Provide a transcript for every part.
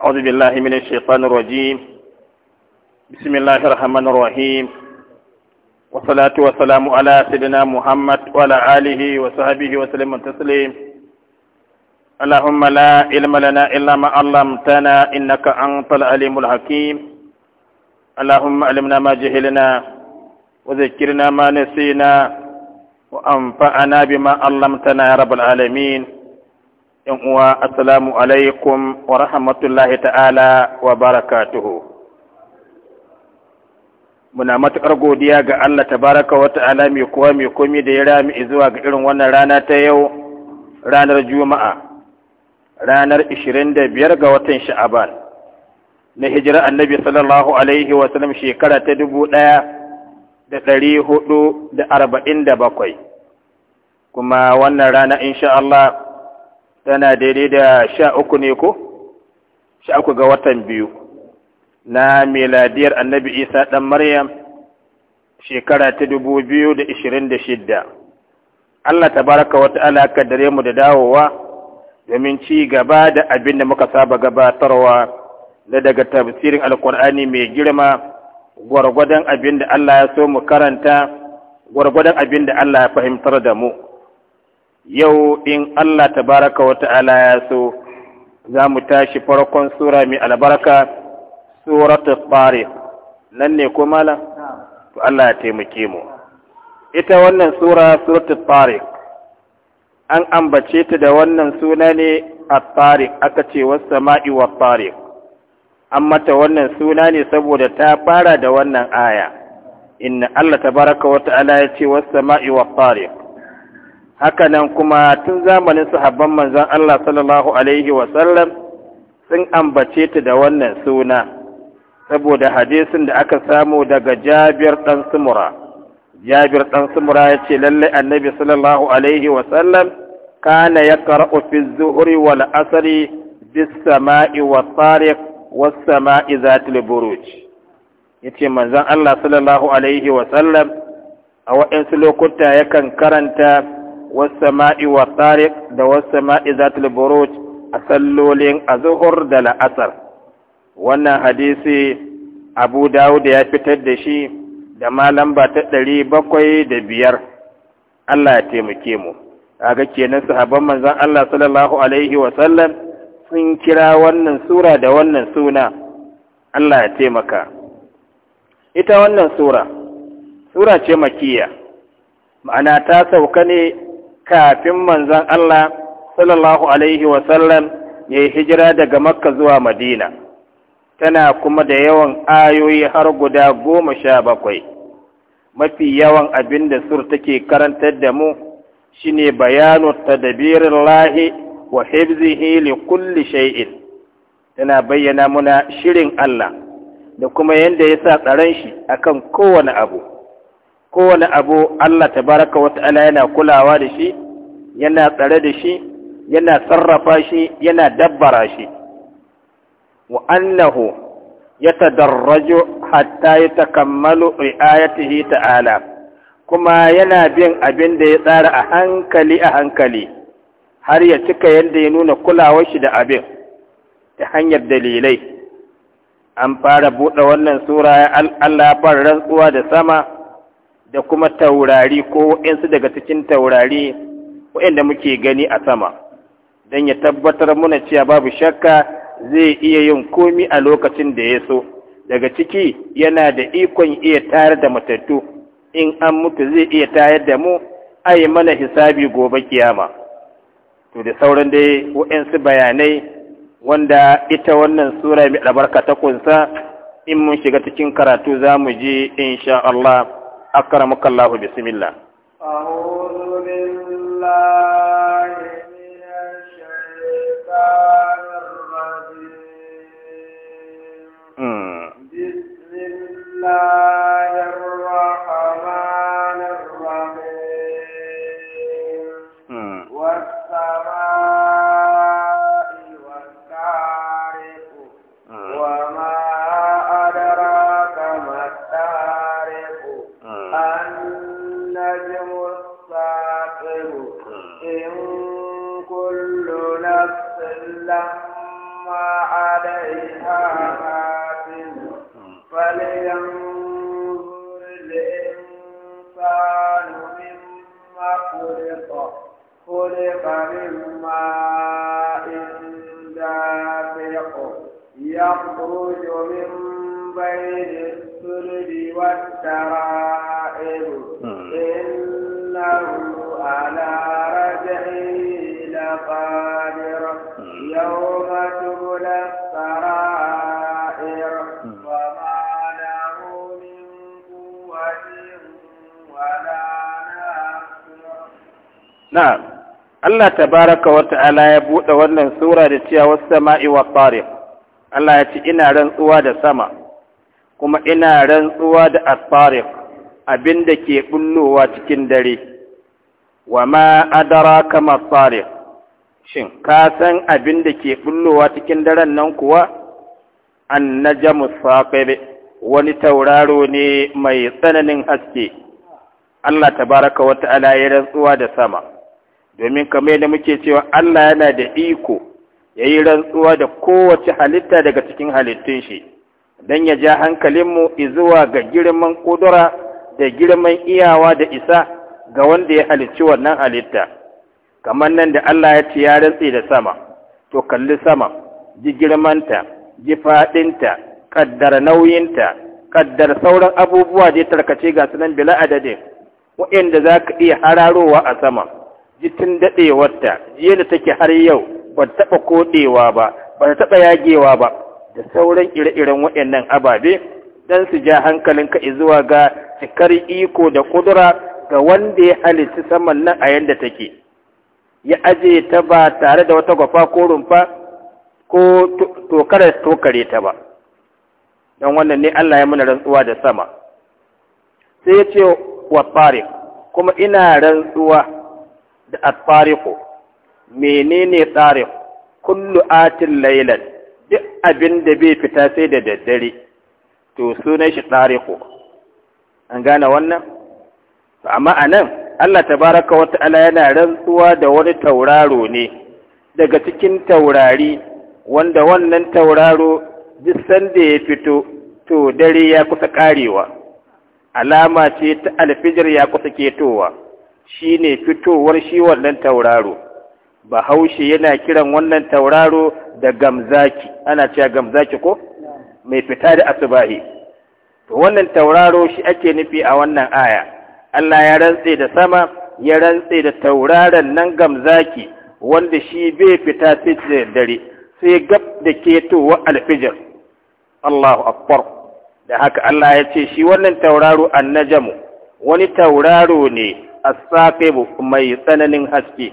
أعوذ بالله من الشيطان الرجيم بسم الله الرحمن الرحيم والصلاة والسلام على سيدنا محمد وعلى آله وصحبه وسلم تسليم اللهم لا علم لنا إلا ما علمتنا إنك أنت العليم الحكيم اللهم علمنا ما جهلنا وذكرنا ما نسينا وأنفعنا بما علمتنا يا رب العالمين yan uwa assalamu alaikum wa rahmatullahi ta'ala wa barakatuhu muna matuƙar godiya ga Allah tabaraka wa ta'ala mai kowa mai komi da ya rami zuwa ga irin wannan rana ta yau ranar juma'a ranar 25 ga watan sha'aban na hijira annabi sallallahu alaihi wa sallam shekara ta dubu ɗaya da ɗari hudu da arba'in da bakwai kuma wannan rana insha Allah tana daidai da sha uku ne ko sha uku ga watan biyu na miladiyar annabi isa ɗan maryam shekara ta dubu biyu da ishirin da shidda allah ta baraka wata alaƙa dare mu da dawowa domin ci gaba da abin da muka saba gabatarwa na daga tafsirin alkur'ani mai girma gwargwadon abin da allah ya so mu karanta gwargwadon abin da allah ya fahimtar da mu yau in Allah tabaraka wa ta'ala ya so za mu tashi farkon sura mai albarka suratul tsari nan ne ko malam to Allah ya taimake mu ita wannan sura suratul tsari an ambace ta da wannan suna ne a tsari aka ce wasu sama'i wa tsari an mata wannan suna ne saboda ta fara da wannan aya inna Allah tabaraka wa ta'ala ya ce wasu sama'i wa tsari hakanan kuma tun zamanin sahabban manzon Allah sallallahu alaihi sallam sun ambace ta da wannan suna saboda hadisin da aka samu daga Jabir dan Sumura Jabir dan Sumura yace lalle annabi sallallahu alaihi sallam kana yaqra'u fi zuhri wal asri bis sama'i wat tariq was sama'i zatil buruj yace manzon Allah sallallahu alaihi sallam a waɗansu lokuta yakan karanta wasu ma'i wa Tariq da wasu ma'i za ta liboro a sallolin a da la'asar wannan hadisi abu dawud ya fitar da shi da malam ba ta ɗari bakwai da biyar allah ya taimake mu a kenan sahabban manzon allah sallallahu alaihi wasallam sun kira wannan sura da wannan suna allah ya taimaka ita wannan sura sura ce makiya ma'ana ta sauka ne kafin manzon Allah sallallahu alaihi wasallam ya yi hijira daga makka zuwa madina tana kuma da yawan ayoyi har guda goma sha bakwai mafi yawan abin da sur take karantar da mu shine bayanu tadabirin lahi wa hibzihi li kulli shay'in tana bayyana muna shirin Allah da kuma yadda ya sa tsaron shi akan kowane abu kowane abu Allah Ta wata ala yana kulawa da shi yana tsare da shi yana sarrafa shi yana dabbara shi wa annahu tadarrajo hatta ya kammalu ri'ayatihi ta'ala kuma yana bin abin da ya tsara a hankali a hankali har ya cika yadda ya nuna kulawar shi da abin ta hanyar dalilai an fara buɗe wannan sura Allah ya fara rantsuwa da sama da kuma taurari ko waɗansu daga cikin taurari waɗanda muke gani a sama don ya tabbatar muna cewa babu shakka zai iya yin komi a lokacin da ya so daga ciki yana da ikon iya tayar da matattu in an mutu zai iya tayar da mu a yi mana hisabi gobe kiyama to da sauran dai waɗansu bayanai wanda ita wannan sura mai albarka ta kunsa in mun shiga cikin karatu za mu je insha Allah أكرمك الله بسم الله أعوذ بالله من الشيطان الرجيم بسم الله الرحمن خلق من ماء دافق يخرج من بين الصلب والترائب إنه على رجعه لقادر يوم تبلى السرائر وما له من قوة ولا ناصر نعم Allah tabaraka wa ta'ala ya buɗe wannan sura da cewa was sama'i wa tariq Allah ya ce ina rantsuwa da sama kuma ina rantsuwa da at-tariq abinda ke bullowa cikin dare wa ma adraka ma tariq shin ka san abinda ke bullowa cikin daren nan kuwa an-najmu saqib wani tauraro ne mai tsananin haske Allah tabaraka wa ta'ala ya rantsuwa da sama domin kamar yadda muke cewa Allah yana da iko ya yi rantsuwa da kowace halitta daga cikin halittun shi don ya ja hankalinmu zuwa ga girman ƙudura da girman iyawa da isa ga wanda ya halicci wannan halitta kamar nan da Allah ya ce ya rantse da sama to kalli sama ji girmanta ji faɗinta ƙaddar nauyinta ƙaddar sauran abubuwa da ya tarkace ga sunan bila adadin waɗanda za ka iya hararowa a sama jitin daɗewarta jiya da take har yau ba ta taɓa koɗewa ba ba ta taɓa yagewa ba da sauran ire-iren waɗannan ababe don su ja hankalinka zuwa ga cikar iko da kudura ga wanda ya halitta saman nan a yadda take ya aje ta ba tare da wata gwafa ko rumfa ko tokare tokare ta ba don wannan ne Allah ya mana rantsuwa da sama sai ya ce wa kuma ina rantsuwa da at-tariqu menene tariq kullu atin laylan duk abin da bai fita sai da daddare to sunan shi tariqu an gane wannan amma anan Allah tabaraka wa ta'ala yana rantsuwa da wani tauraro ne daga cikin taurari wanda wannan tauraro duk sanda ya fito to dare ya kusa karewa alama ce ta alfijir ya kusa ketowa Shi ne fitowar shi wannan tauraro bahaushe yana kiran wannan tauraro da gamzaki ana cewa gamzaki ko mai fita da asubahi to wannan tauraro shi ake nufi a wannan aya Allah ya rantse da sama ya rantse da tauraron nan gamzaki wanda shi bai fita sai da dare sai gab da ketowa alfijir Allahu akbar da haka Allah ya ce shi wannan tauraro annajamu wani tauraro ne a safe mai tsananin haske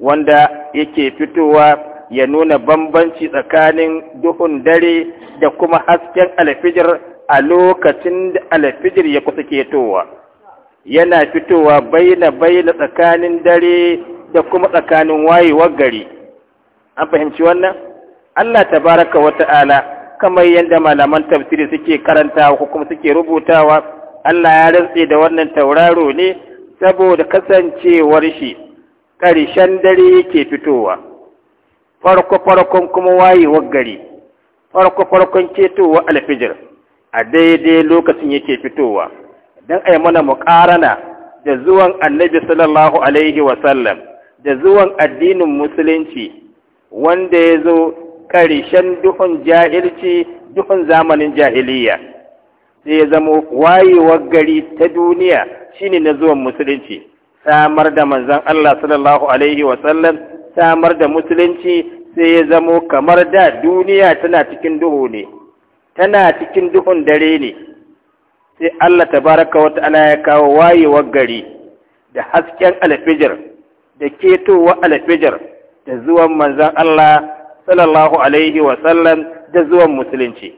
wanda yake fitowa ya nuna bambanci tsakanin duhun dare da kuma hasken alfijir a lokacin da alfijir ya kusa ketowa yana fitowa baina baina tsakanin dare da kuma tsakanin wayewar gari an fahimci wannan Allah ta tabaraka wata'ala kamar yadda malaman tafsiri suke karantawa ko kuma suke rubutawa Allah ya rantse da wannan tauraro ne saboda kasancewar shi ƙarshen dare yake fitowa farko-farkon kuma wayewar gari farko-farkon ketowa alfijir a daidai lokacin yake fitowa don a yi mana muƙarana da zuwan annabi sallallahu alaihi wasallam da zuwan addinin musulunci wanda ya zo ƙarshen duhun jahilci duhun zamanin jahiliya sai ya zamo wayewar gari ta duniya shine na zuwan musulunci samar da manzon Allah sallallahu alaihi wa sallam samar da musulunci sai ya zamo kamar da duniya tana cikin duhu ne tana cikin duhun dare ne sai Allah tabaraka wa ta'ala ya kawo wayewar gari da hasken alfijir da ketowa alfijir da zuwan manzon Allah sallallahu alaihi wa sallam da zuwan musulunci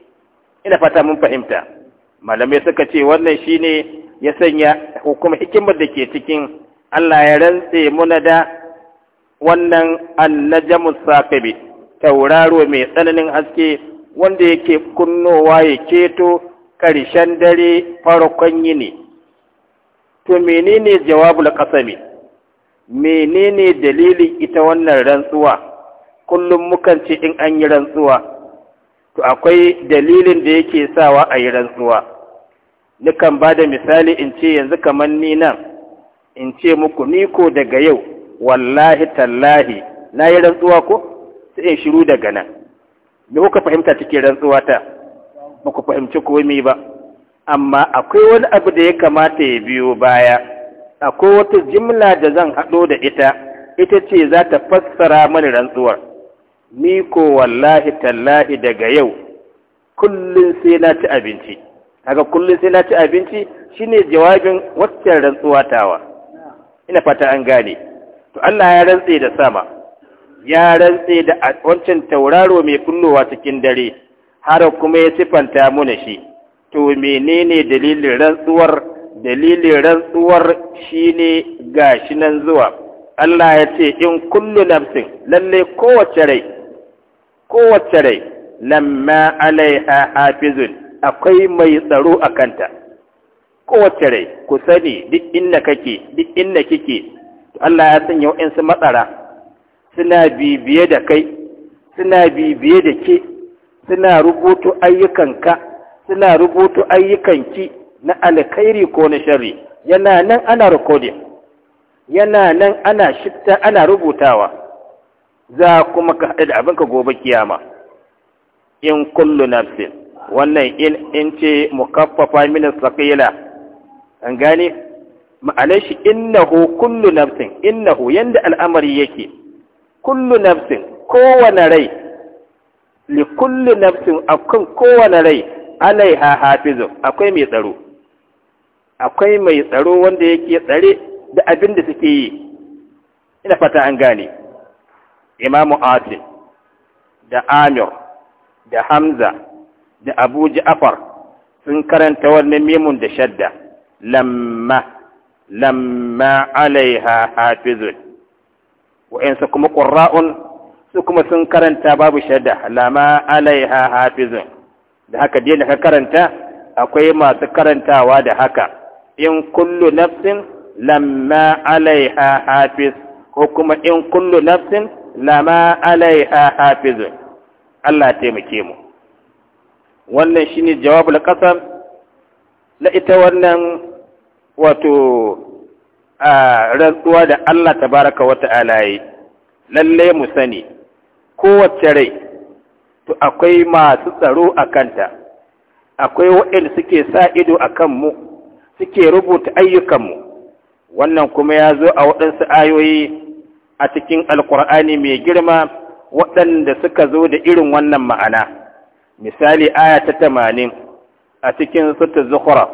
ina fata mun fahimta malamai suka ce wannan shine ya sanya hukumar hikimar da ke cikin Allah ya rantse muna da wannan annajamus saqibi tauraro mai tsananin haske wanda yake kunnowa ya keto ƙarshen dare farkon yini to menene jawabul qasami menene dalilin ita wannan rantsuwa kullum mukan ce in an yi rantsuwa to akwai dalilin da yake sawa a yi rantsuwa nikan ba da misali in ce yanzu kamar ni nan in ce muku ni ko daga yau wallahi tallahi na yi rantsuwa ko sai in shiru daga nan me kuka fahimta cikin rantsuwa ta ba ku fahimci komai ba amma akwai wani abu da ya kamata ya biyo baya akwai wata jimla da zan haɗo da ita ita ce za ta fassara mani rantsuwar ni ko wallahi tallahi daga yau kullum sai na ci abinci kaga kullum sai na ci abinci shine jawabin waccan rantsuwa tawa ina fata an gane to Allah ya rantse da sama ya rantse da wancan tauraro mai kullowa cikin dare har kuma ya sifanta muna shi to menene dalilin rantsuwar dalilin rantsuwar shine gashi nan zuwa Allah ya ce in kullu nafsin lalle kowace rai kowace rai lamma alaiha hafizun akwai mai tsaro a kanta kowace rai ku sani duk inda kake duk inda kike Allah ya sanya wa'insu matsara suna bibiye da kai suna bibiye da ke suna rubutu ayyukanka suna rubutu ayyukanki na alkhairi ko na sharri yana nan ana recording yana nan ana shifta ana rubutawa za kuma ka haɗe da abinka gobe kiyama in kullu nafsin wannan in ce mukaffafa min saqila an gane ma'anar shi innahu kullu nafsin innahu yanda al'amari yake kullu nafsin kowane rai li kullu nafsin akan kowane rai alaiha hafizu akwai mai tsaro akwai mai tsaro wanda yake tsare da abin da suke yi ina fata an gane imamu atin da amir da hamza da Abu Ja'far sun karanta wannan mimun da shadda lamma lamma alaiha hafizun wa'ansu kuma ƙurra'un su kuma sun karanta babu shadda lamma alaiha hafizun da haka dai da ka karanta akwai masu karantawa da haka in kullu nafsin lamma alaiha hafiz ko kuma in kullu nafsin lamma alaiha hafizun Allah taimake mu wannan shine ne jawabu na ita wannan wato a rantsuwa da Allah ta baraka wata alaye lallai mu sani kowace rai to akwai masu tsaro a kanta akwai waɗanda suke sa ido a kanmu suke rubuta ayyukanmu wannan kuma ya zo a waɗansu ayoyi a cikin alkur'ani mai girma waɗanda suka zo da irin wannan ma'ana misali aya ta tamanin a cikin sutta zukura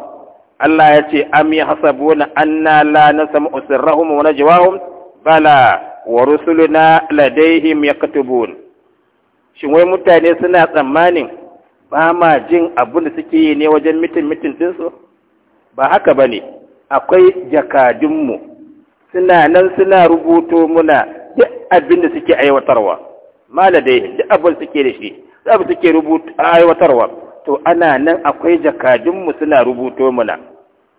Allah ya ce am ya hasabu na na la na sama usirrahum wa najwahum bala wa rusuluna ladaihim yaktubun shin wai mutane suna tsammanin ba ma jin abin da suke yi ne wajen mitin mitin dinsu ba haka bane akwai jakadunmu suna nan suna rubuto muna duk abin da suke aiwatarwa ma ladaihim duk abin suke da shi za mu take rubuta aiwatarwa to ana nan akwai jakadunmu suna rubuto muna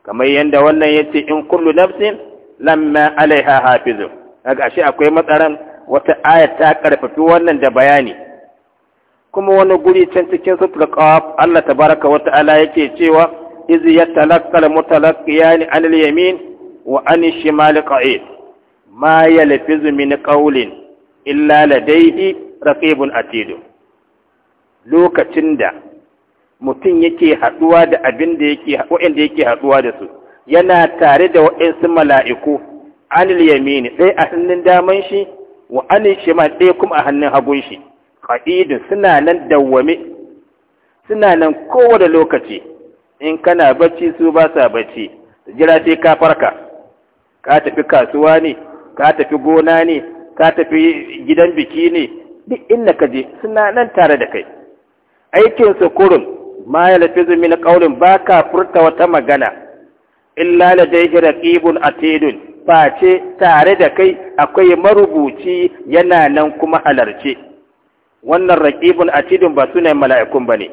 kamar yadda wannan yace in kullu nafsin lamma alaiha hafizu daga ashe akwai matsaran wata aya ta karfafi wannan da bayani kuma wani guri can cikin sutul qaf Allah tabaraka wa ta'ala yake cewa iz yatalaqqal mutalaqqiyani anil yamin wa anish shimal qa'id ma yalfizu min qawlin illa ladayhi raqibun atid lokacin da mutum yake haɗuwa da abin da yake waɗanda yake haɗuwa da su yana tare da waɗansu mala'iku anil yamini ɗaya a hannun daman shi wa anil ma ɗaya kuma a hannun hagun shi ƙa'idun suna nan dawwame suna nan kowane lokaci in kana bacci su ba sa bacci jira sai ka farka ka tafi kasuwa ne ka tafi gona ne ka tafi gidan biki ne duk inda ka je suna nan tare da kai aikin kurun ma ya zumi na ƙaunin ba ka furta wata magana illa da dai raqibun atidun face tare da kai akwai marubuci yana nan kuma halarce wannan raqibun atidun ba sunan mala'ikun bane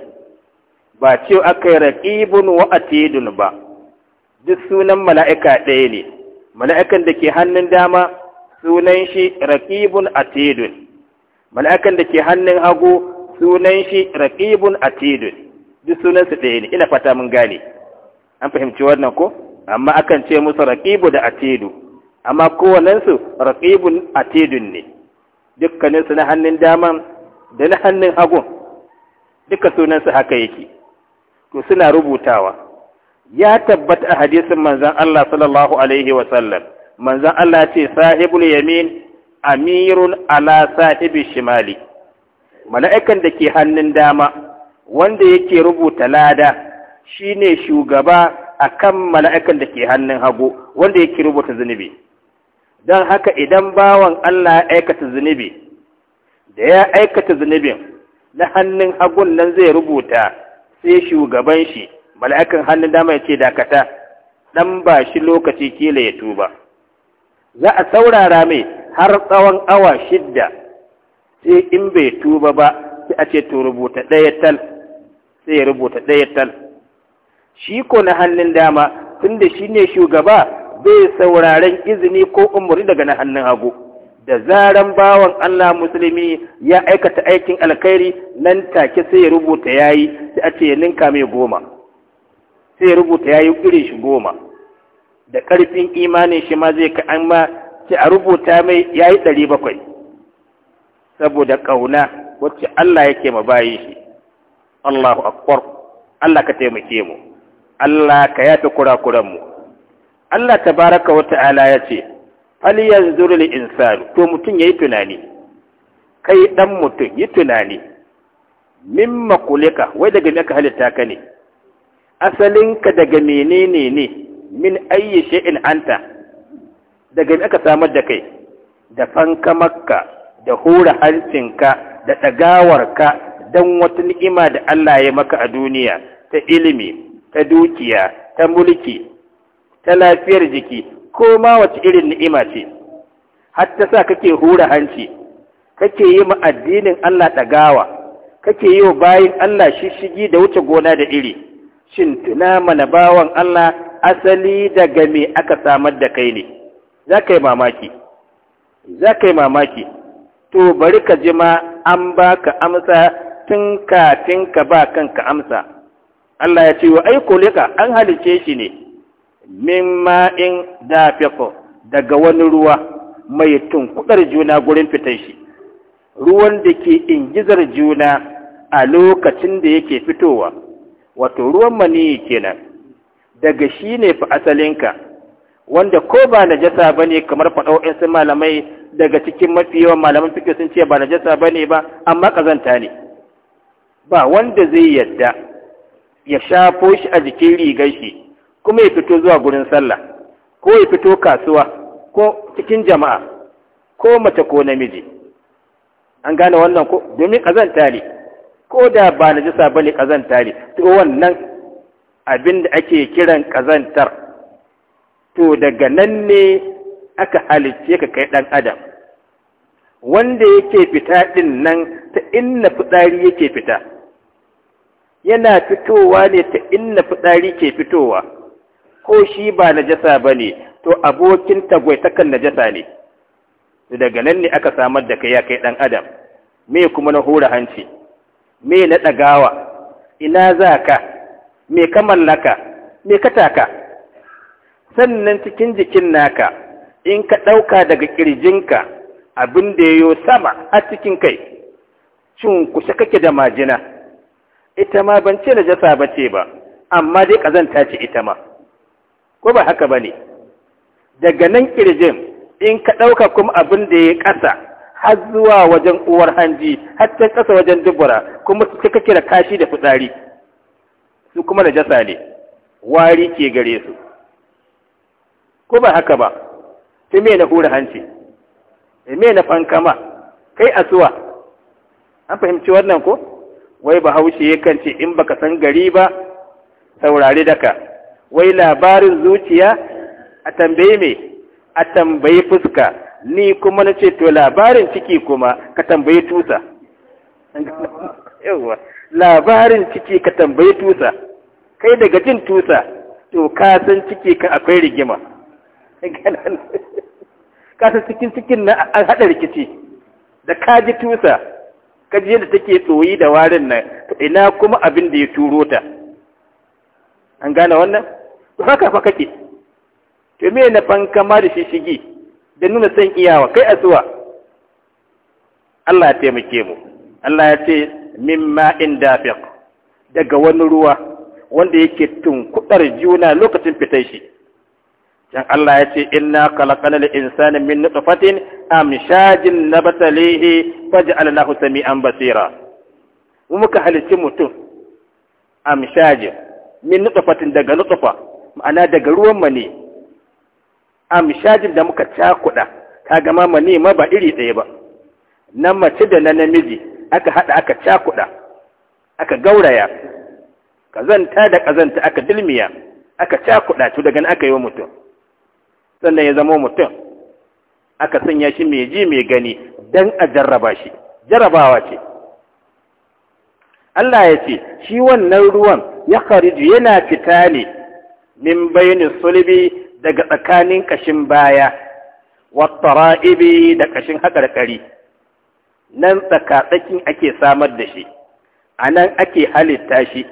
ba ce aka yi raqibun wa atidun ba duk sunan mala'ika ɗaya ne mala'ikan da ke hannun dama sunan shi raqibun atidun mala'ikan da ke hannun hagu sunan shi raqibun atidun duk sunan su ɗaya ne ina fata mun gane an fahimci wannan ko amma akan ce musu raqibu da atidu amma kowannen su raqibun atidun ne dukkaninsu su na hannun daman da na hannun hagun duka sunan haka yake to suna rubutawa ya tabbata a hadisin manzon Allah sallallahu alaihi wa sallam manzon Allah ce sahibul yamin amirun ala sahibi shimali mala'ikan da ke hannun dama wanda yake rubuta lada shine shugaba a kan mala'ikan da ke hannun hagu wanda yake rubuta zunubi don haka idan bawan Allah ya aikata zunubi da ya aikata zunubin na hannun hagun nan zai rubuta sai shugaban shi mala'ikan hannun dama ya ce dakata ɗan ba shi lokaci kila ya tuba za a saurara mai har tsawon awa shidda sai in bai tuba ba sai a ce to rubuta ɗaya tal sai ya rubuta ɗaya tal shi ko na hannun dama tunda shi ne shugaba bai sauraren izini ko umarni daga na hannun hagu da zaran bawan Allah musulmi ya aikata aikin alkhairi nan take sai ya rubuta yayi sai a ce ya ninka mai goma sai ya rubuta yayi irin shi goma da ƙarfin imanin shi ma zai ka an ma sai a rubuta mai yayi ɗari bakwai saboda ƙauna wacce Allah yake ma bayi shi Allahu akbar Allah ka taimake mu Allah ka yafi kurakuran mu Allah baraka wa ta'ala ya ce hal yanzuru lil insani to mutum yayi tunani kai dan mutum yi tunani mimma kulika wai daga me ka halitta ka ne asalinka daga menene ne min ayyi shay'in anta daga me aka samar da kai da fanka makka da hura hancinka da ɗagawarka don wata ni'ima da Allah ya maka a duniya ta ilimi ta dukiya ta mulki ta lafiyar jiki ko ma wata irin ni'ima ce har ta sa kake hura hanci kake yi ma addinin Allah ɗagawa kake yi wa bayin Allah shishigi da wuce gona da iri shin tuna mana bawan Allah asali daga me aka samar da kai ne za mamaki za ka yi mamaki to bari ka jima an ba ka amsa tun kafin ka ba kanka amsa Allah ya ce wa ai kulika an halice shi ne min ma'in dafiqo daga wani ruwa mai tunkuɗar juna gurin fitar shi ruwan da ke ingizar juna a lokacin da yake fitowa wato ruwan maniyi kenan daga shi ne fa asalinka wanda ko ba najasa ne kamar faɗo ɗin sun malamai daga cikin mafi yawan malaman fiƙe sun ce ba najasa ne ba amma ƙazanta ne ba wanda zai yadda ya shafo shi a jikin rigar shi kuma ya fito zuwa gurin sallah ko ya fito kasuwa ko cikin jama'a ko mace ko namiji an gane wannan ko domin ƙazanta ne ko da ba najasa ne ƙazanta ne to wannan abin da ake kiran ƙazantar to daga nan ne aka halicce ka kai ɗan adam wanda yake fita ɗin nan ta inna fitsari yake fita yana fitowa ne ta inna fitsari ke fitowa ko shi ba najasa ba ne to abokin tagwai tagwaitakan najasa ne daga nan ne aka samar da kai ya kai ɗan adam me kuma na hura hanci me na ɗagawa ina za ka me ka mallaka me ka taka sannan cikin jikin naka in ka ɗauka daga ƙirjinka abin da ya sama a cikin kai cin kushe kake da majina ita ma ban ce najasa ba ce ba amma dai ƙazanta ce ita ma ko ba haka ba ne daga nan ƙirjin in ka ɗauka kuma abin da ya ƙasa har zuwa wajen uwar hanji har ta ƙasa wajen dubura kuma su kake da kashi da fitsari su kuma najasa ne wari ke gare su ko ba haka ba sai me na hura hanci eh, me na fankama kai asuwa an fahimci wannan ko wai bahaushe yakan ce in baka san gari ba saurari daka wai labarin zuciya a tambaye me a tambayi fuska ni kuma na ce to labarin ciki kuma ka tambayi tusa yawwa labarin ciki ka tambayi tusa kai daga jin tusa to ka san ciki ka akwai rigima kasa cikin cikin na an haɗa rikici da kaji tusa kaji yadda take tsoyi da warin nan ina kuma abin da ya turo ta an gane wannan to haka fa kake to me na fankama da shishigi da nuna san iyawa kai asuwa Allah ya taimake mu Allah ya ce mimma in dafiq daga wani ruwa wanda yake tunkudar juna lokacin fitar shi can Allah ya ce inna khalaqana al-insana min nutfatin amshajin Allah sami sami'an basira mu muka halicci mutum amshajin min nutfatin daga nutfa ma'ana daga ruwan mani amshajin da muka cakuda ta gama mani ma ba iri ɗaya ba na mace da na namiji aka haɗa aka cakuda aka gauraya kazanta da kazanta aka dilmiya aka cakuda to daga nan aka yi wa mutum sannan ya zama mutum aka sanya shi mai ji mai gani don a jarraba shi jarrabawa ce Allah ya ce shi wannan ruwan ya khariju yana fita ne min bayni sulbi daga tsakanin kashin baya ra'ibi da kashin haƙarƙari. nan tsakatsakin ake samar da shi a nan ake halitta shi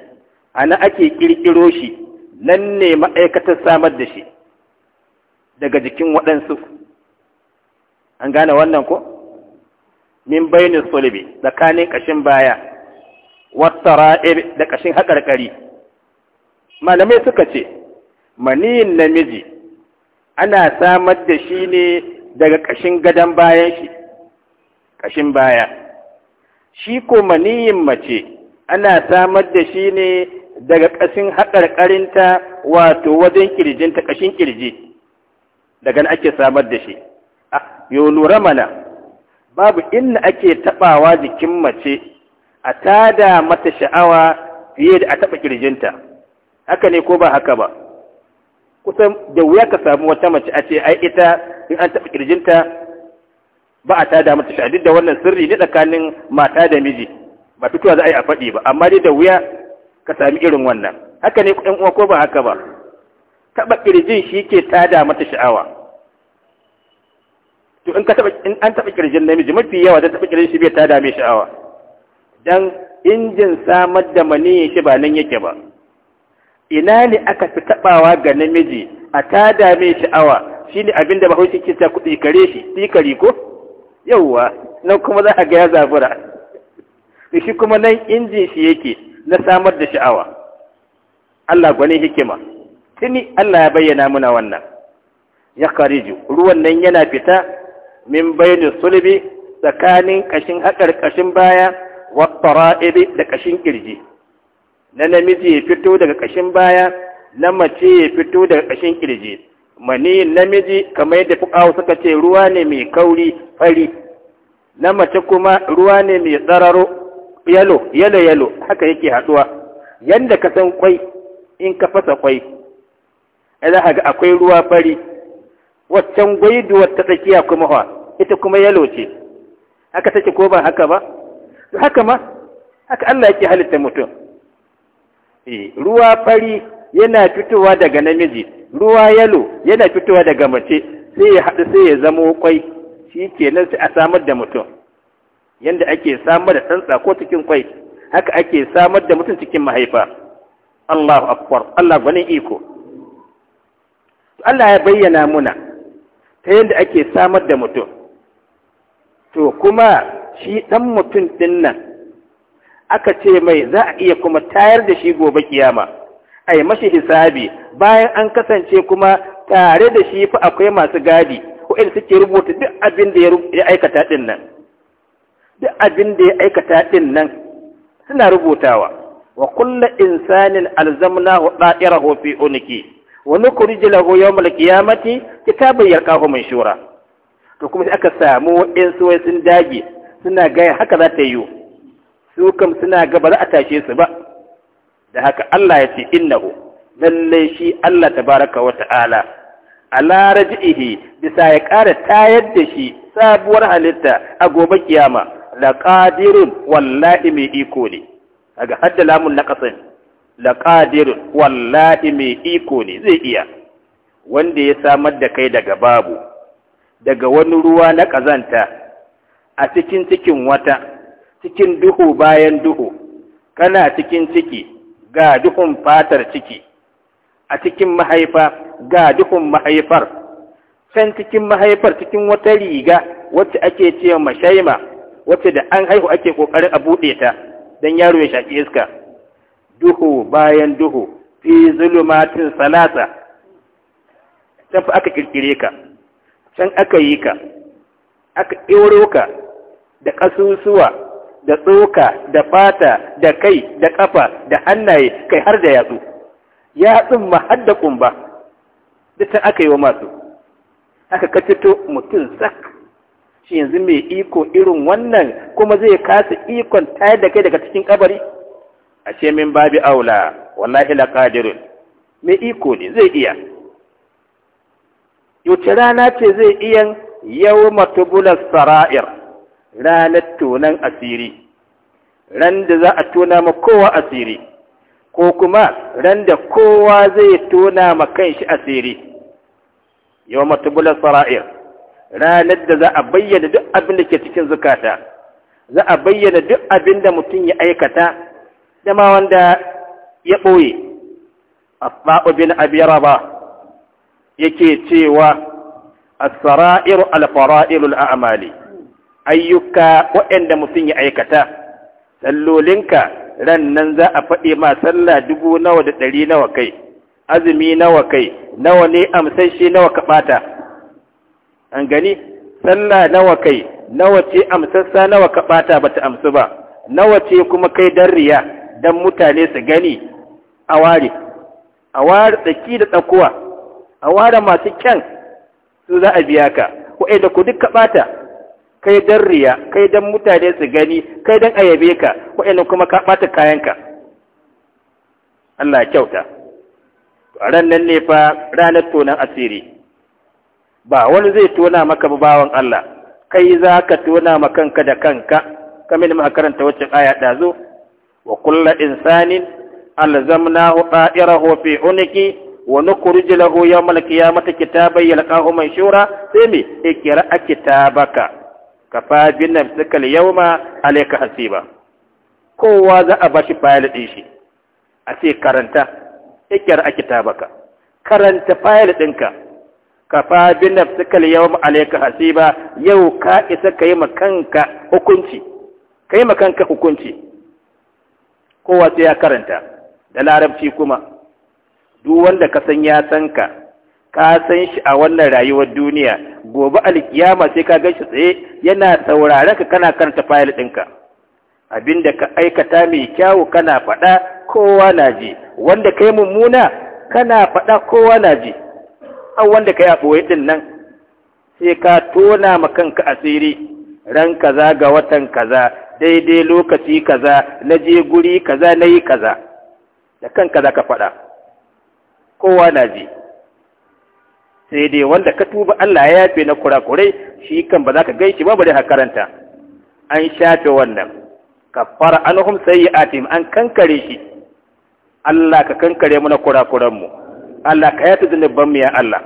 a nan ake ƙirƙiro shi nan ne ma'aikatar samar da shi daga jikin waɗansu an gane wannan ko min bayanin sulbi tsakanin ƙashin baya wasara da ƙashin haƙarƙari malamai suka ce maniyin namiji ana samar da shi ne daga ƙashin gadon bayan shi ƙashin baya shi ko maniyin mace ana samar da shi ne daga ƙashin haƙarƙarinta wato wajen ƙirjinta ƙashin ƙirji daga nan ake samar da shi a ah, lura mana babu inda ake tabawa jikin mace a tada mata sha'awa fiye da a taba kirjinta haka ne ko ba haka ba kusan da wuya ka samu wata mace a ce ai ita in an taba kirjinta ba a tada mata sha'awa duk da wannan sirri ne tsakanin mata da miji ba fitowa za a yi a faɗi ba amma dai da wuya ka sami irin wannan haka ne uwa ko ba haka ba taɓa ƙirjin shi ke tada mata sha'awa to in ka taɓa in an taɓa ƙirjin namiji mafi yawa da taɓa ƙirjin shi bai tada mai sha'awa dan injin samar da maniyin shi ba nan yake ba ina ne aka fi taɓawa ga namiji a tada mai sha'awa shine abin da bahaushe ke ta kuɗi kare shi tikari ko yawwa nan kuma za a ga ya zabura shi kuma nan injin shi yake na samar da sha'awa Allah gwani hikima tuni Allah ya bayyana muna wannan ya kariju ruwan nan yana fita min bayanin sulbi tsakanin kashin haƙar kashin baya wa tara'ibi da kashin kirji na namiji ya fito daga kashin baya na mace ya fito daga kashin kirji mani namiji kamar yadda fuqawa suka ce ruwa ne mai kauri fari na mace kuma ruwa ne mai tsararo yalo yalo yalo haka yake haɗuwa. Yadda ka san kwai in ka fasa kwai za ka ga akwai ruwa fari waccan gwaiduwar ta tsakiya kuma wa, ita kuma yalo ce haka take ko ba haka ba haka ma haka Allah yake halitta mutum eh, ruwa fari yana fitowa daga namiji ruwa yalo yana fitowa daga mace sai ya haɗu sai ya zama kwai shi kenan sai a samar da mutum yanda ake samar da tsantsa ko cikin kwai haka ake samar da mutum cikin mahaifa Allahu akbar Allah gwanin iko Allah ya bayyana muna ta yadda ake samar da mutum to kuma shi ɗan mutum ɗin nan aka ce mai za a iya kuma tayar da shi gobe kiyama a yi mashi hisabi bayan an kasance kuma tare da shi fa akwai masu gadi waɗanda suke rubuta duk abin da ya aikata ɗin nan duk abin da ya aikata ɗin nan suna rubutawa wa kulla insanin alzamnahu da'irahu fi uniki Wani wa nukhrij lahu yawm al ta kitaban yalqahu manshura to kuma aka samu wa'in su sun dage suna gaya haka za ta yi su kam suna ga ba za a tashe su ba da haka Allah ya ce innahu lallai shi Allah tabaraka wa ta'ala ala raji'ihi bisa ya ƙara tayar da shi sabuwar halitta a gobe kiyama la qadirun wallahi mai iko ne daga hadda lamun na kasan laqadirun wallahi mai iko ne zai iya wanda ya samar da kai daga babu daga wani ruwa na ƙazanta a cikin cikin wata cikin duhu bayan duhu kana cikin ciki ga duhun fatar ciki a cikin mahaifa ga duhun mahaifar can cikin mahaifar cikin wata riga wacce ake ce mashaima wacce da an haihu ake ƙoƙarin a buɗe ta don yaro ya shaƙi iska duhu bayan duhu fi zulumatin salasa can fa aka kirkire ka can aka yi ka aka ɗoro ka da ƙasusuwa da tsoka da fata da kai da ƙafa da hannaye kai har da yatsu yatsun ma har da ƙumba duk can aka yi wa masu aka kacito mutum sak shi yanzu mai iko irin wannan kuma zai kasa ikon tayar da kai daga cikin kabari a ce min babi aula wallahi la qadirun me iko ne zai iya yuce rana ce zai iya yau matubular sara'ir ranar tunan asiri ran da za a tona ma kowa asiri ko kuma ran da kowa zai tona ma shi asiri yau matubular sara'ir ranar da za a bayyana duk abin da ke cikin zukata za a bayyana duk abin da mutum ya aikata dama wanda ya ɓoye asba'u bin abi raba yake cewa as-sara'iru al a a'mali ayyuka waɗanda mutum ya aikata sallolinka ran nan za a faɗi ma sallah dubu nawa da ɗari nawa kai azumi nawa kai nawa ne amsasshe nawa ka ɓata an gani sallah nawa kai nawa ce amsassa nawa ka ɓata bata amsu ba nawa ce kuma kai dan riya don mutane su gani a ware a ware tsaki da tsakuwa a ware masu kyan su za a biya ka da ku duk ɓata kai don riya kai don mutane su gani kai don ayabe ka wa'ida kuma ka ɓata kayanka Allah kyauta ran nan ne fa ranar tonan asiri ba wani zai tona maka bawan Allah kai za ka tona ma kanka da kanka kamar ma karanta wacce aya ɗazo وكل إنسان ألزمناه طائره في عنقه ونخرج له يوم القيامة كتابا يلقاه منشورا سمي اقرأ كتابك كفى بنفسك اليوم عليك حسيبا kowa za a bashi fayil ɗin shi a ce karanta ikiyar a kitabaka karanta fayil ɗinka ka fa bi nafsikal yawm alayka hasiba yau ka isa kai makanka hukunci kai hukunci kowa sai ya karanta da larabci kuma duk wanda ka san ya san ka ka san shi a wannan rayuwar duniya gobe alkiyama sai ka gan shi tsaye yana saurare ka kana karanta fayil ɗinka abinda ka aikata mai kyawu kana faɗa kowa na ji wanda kai mummuna kana faɗa kowa na ji an wanda kai a ɓoye ɗin nan sai ka tona ma kanka asiri ran kaza ga watan kaza daidai lokaci kaza na je guri kaza na yi kaza da kanka za ka faɗa kowa na ji sai dai wanda ka tuba Allah ya yafe na kurakurai shi kan ba za ka gaishe ba bari karanta an shafe wannan Ka fara an hum sayyi'atim an kankare shi Allah ka kankare mu na kurakuran mu Allah ka yafe zunuban mu ya Allah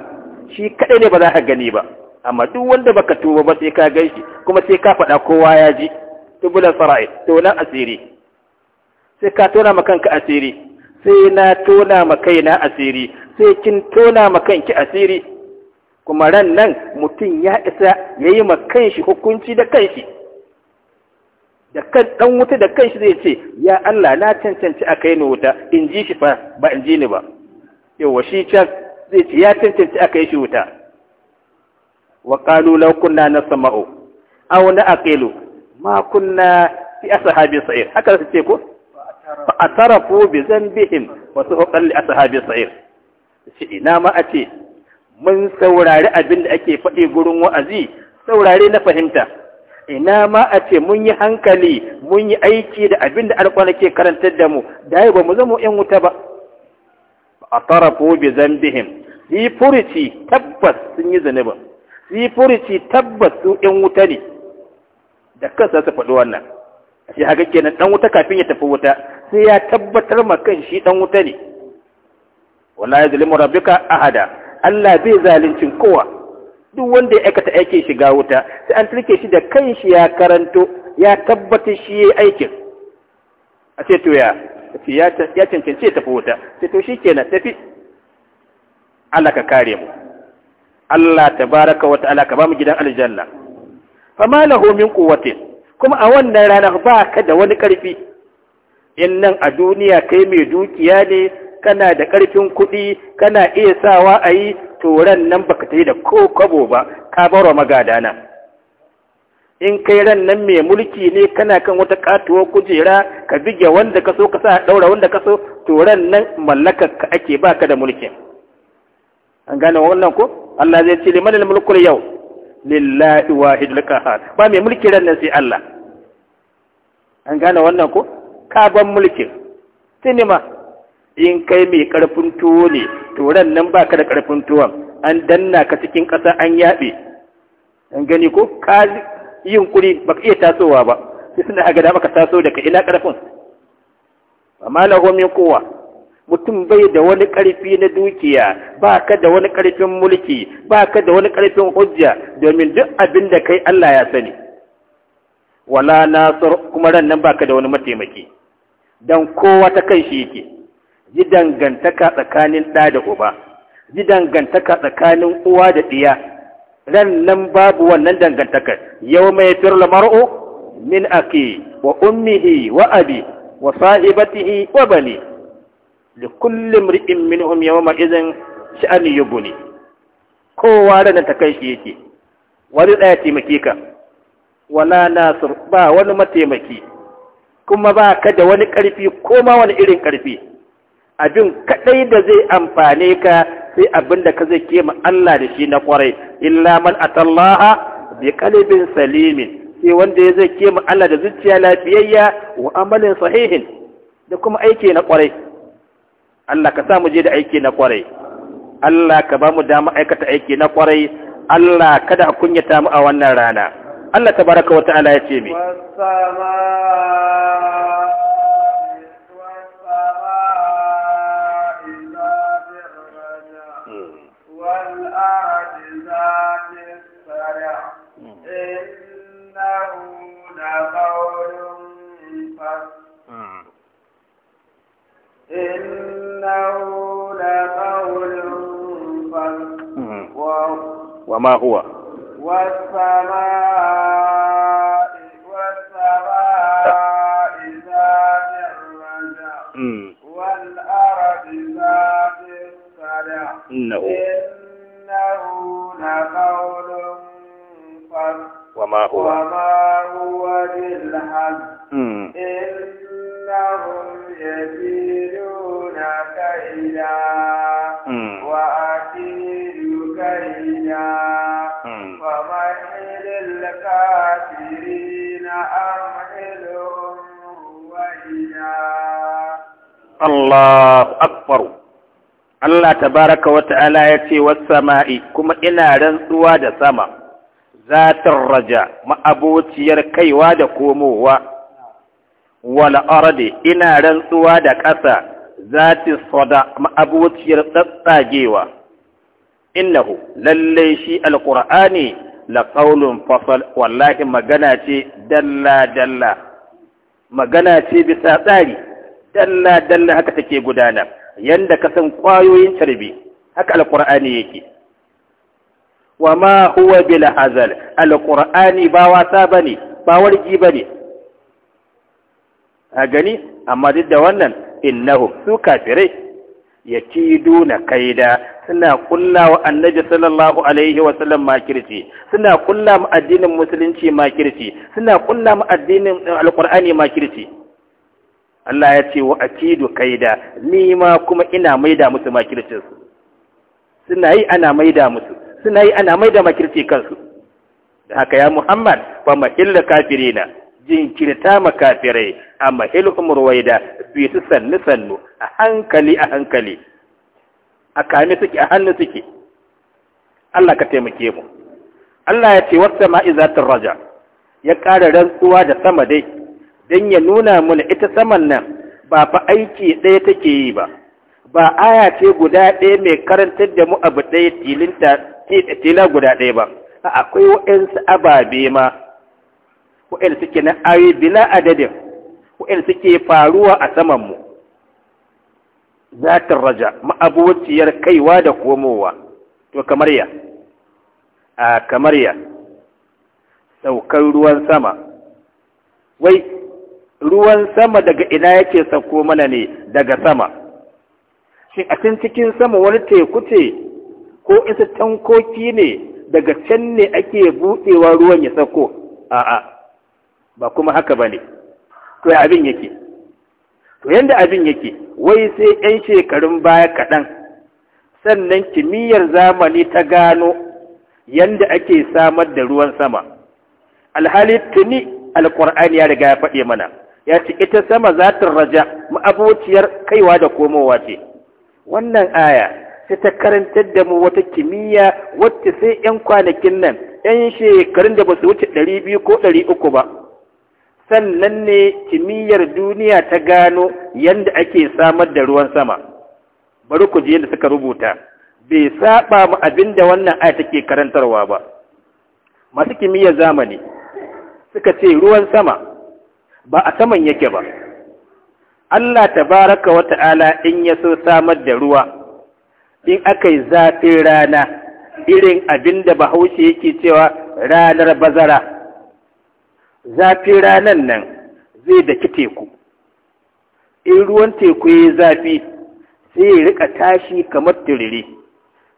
shi kadai ne ba za ka gani ba amma duk wanda baka tuba ba sai ka shi kuma sai ka faɗa kowa ya ji tubulan sara'i tonan asiri sai ka tona ma kanka asiri sai na tona ma kaina asiri sai kin tona ma kanki asiri kuma ran nan mutum ya isa ya yi ma kanshi hukunci da kanshi da kan dan wuta da kanshi zai ce ya Allah na cancanci a kai ni wuta in ji shi fa ba in ji ni ba yawa shi can zai ce ya cancanci a kai shi wuta wa qalu law kunna nasma'u aw na'qilu ma kunna fi ashabi sa'ir haka su ce ko fa atarafu bi zanbihim wa suqan li ashabi sa'ir shi ina ma a ce mun saurari abin da ake faɗi gurin wa'azi saurare na fahimta ina ma a ce mun yi hankali mun yi aiki da abin da alƙwana ke karantar da mu da yi ba mu zama ‘yan wuta ba a tarafo bi zambihim yi furuci tabbas sun yi zunubin Sifuri yi tabbas su ɗin wuta ne da kansa su faɗi wannan shi haka kenan ɗan wuta kafin ya tafi wuta sai ya tabbatar ma kan shi ɗan wuta ne wala ya zalimu rabbika ahada Allah bai zaluncin kowa duk wanda ya aikata aikin shiga wuta sai an tilke shi da shi ya karanto ya tabbatar shi yayi aikin a ce to ya ya cancanci ya tafi wuta sai to shikenan tafi Allah ka kare mu Allah ta wa ta'ala ka ba mu gidan aljanna Fa lahu min quwwatin kuma a wannan rana ba ka da wani karfi in nan a duniya kai mai dukiya ne kana da karfin kuɗi kana iya sawa a yi ran nan baka ta yi da ko kwabo ba ka magada magadana in kai ran nan mai mulki ne kana kan wata katuwar kujera ka bige wanda ka so ka sa daura wanda ka so to ran nan mallakar ka ake baka da mulkin an gane wannan ko Allah zai ce liman al-mulku yau lillahi wahid al-qahar ba mai mulki ran nan sai Allah an gane wannan ko ka ban mulkin sinima in kai mai karfin tuwo ne to ran nan ka da karfin tuwon an danna ka cikin ƙasa an yaɓe an gani ko ka yin kuri ka iya tasowa ba sai suna a gada maka taso daga ina karfin amma lahu min kowa mutum bai da wani ƙarfi na dukiya ba ka da wani ƙarfin mulki ba ka da wani ƙarfin hujja domin duk abin da kai Allah ya sani wala nasar kuma ran nan ba ka da wani mataimaki don kowa ta kan shi yake ji dangantaka tsakanin ɗa da uba ji dangantaka tsakanin uwa da ɗiya ran nan babu wannan dangantakar yau mai firla mar'u min aki wa ummihi wa abi wa sahibatihi wa bani li kulli mri'in minhum yawma idhin sha'an yughni kowa da ta kai shi yake wani daya maki ka wala nasir ba wani mataimaki kuma ba ka da wani karfi ko ma wani irin karfi abin kadai da zai amfane ka sai abinda ka zai kema Allah da shi na kwarai illa man atallaha bi qalbin salimin sai wanda ya zai kema Allah da zuciya lafiyayya wa amalin sahihin da kuma aiki na kwarai Allah ka sa mu je da aiki na kwarai Allah ka ba mu dama aikata aiki na kwarai Allah kada a kunyata mu a wannan rana Allah tabaraka wa ta'ala ya ce mi إنه لقول وما هو والسماء والسماء ذات الرجع والأرض ذات الصدع إنه إنه لقول وما هو وما هو بالحق إنهم يكيدون كيدا وأكيد كيدا ومهل الكافرين أمهلهم رويدا الله أكبر Allah tabaraka wa ta'ala ya ce wasu sama'i kuma ina rantsuwa da sama, zatar raja ma'abociyar kaiwa da komowa. wal ardi ina rantsuwa da ƙasa za zati sada ma'abuciyar tsatsagewa innahu lalle shi Alƙur'ani la qaulun fasal wallahi magana ce dalla dalla magana ce bisa tsari dalla dalla haka take gudana yanda ka san kwayoyin tarbi haka alqur'ani yake wa ma huwa bil azal alqur'ani ba wasa bane ba wargi bane a gani amma duk da wannan innahum su kafirai yakiduna kaida suna kulla wa annabi sallallahu alaihi wa sallam makirci suna kulla mu addinin musulunci makirci suna kulla mu addinin alqur'ani makirci Allah ya ce wa akidu kaida ni ma kuma ina maida musu makircin su suna yi ana maida musu suna yi ana maida makirci kansu haka ya Muhammad fa mahilla kafirina jinkirta makafirai a mahilhum ruwaida su su sannu sannu a hankali a hankali a kame suke a hannu suke Allah ka taimake mu Allah ya ce za ta raja ya ƙara rantsuwa da sama dai don ya nuna mana ita saman nan ba fa aiki ɗaya take yi ba ba aya ce guda ɗaya mai karantar da mu abu ɗaya tila guda ɗaya ba akwai waɗansu ababe ma wa'il suke na ari bila adadin wa'il suke faruwa a samanmu ta raja ma'abuciyar kaiwa da komowa to kamar ya a kamar ya saukar ruwan sama wai ruwan sama daga ina yake sauko mana ne daga sama shin a can cikin sama wani teku ce ko isa tankoki ne daga can ne ake buɗewa ruwan ya sauko a'a ba kuma haka ba ne to ya abin yake to yanda abin yake wai sai 'yan shekarun baya kaɗan sannan kimiyyar zamani ta gano yanda ake samar da ruwan sama alhali tuni alƙur'ani ya riga ya faɗe mana ya ce ita sama za ta raja ma'abociyar kaiwa da komowa ce wannan aya sai ta karantar da mu wata kimiyya wacce sai 'yan kwanakin nan 'yan shekarun da ba su wuce ɗari biyu ko ɗari uku ba sannan ne kimiyyar duniya ta gano yadda ake samar da ruwan sama bari ku ji yadda suka rubuta bai saba mu abin da wannan aya take karantarwa ba masu kimiyyar zamani suka ce ruwan sama ba a saman yake ba Allah tabaraka wa ta'ala in ya so samar da ruwa in aka yi zafin rana irin abin da bahaushe yake cewa ranar bazara zafin ranan nan zai daki teku in ruwan teku ya yi zafi sai ya rika tashi kamar turiri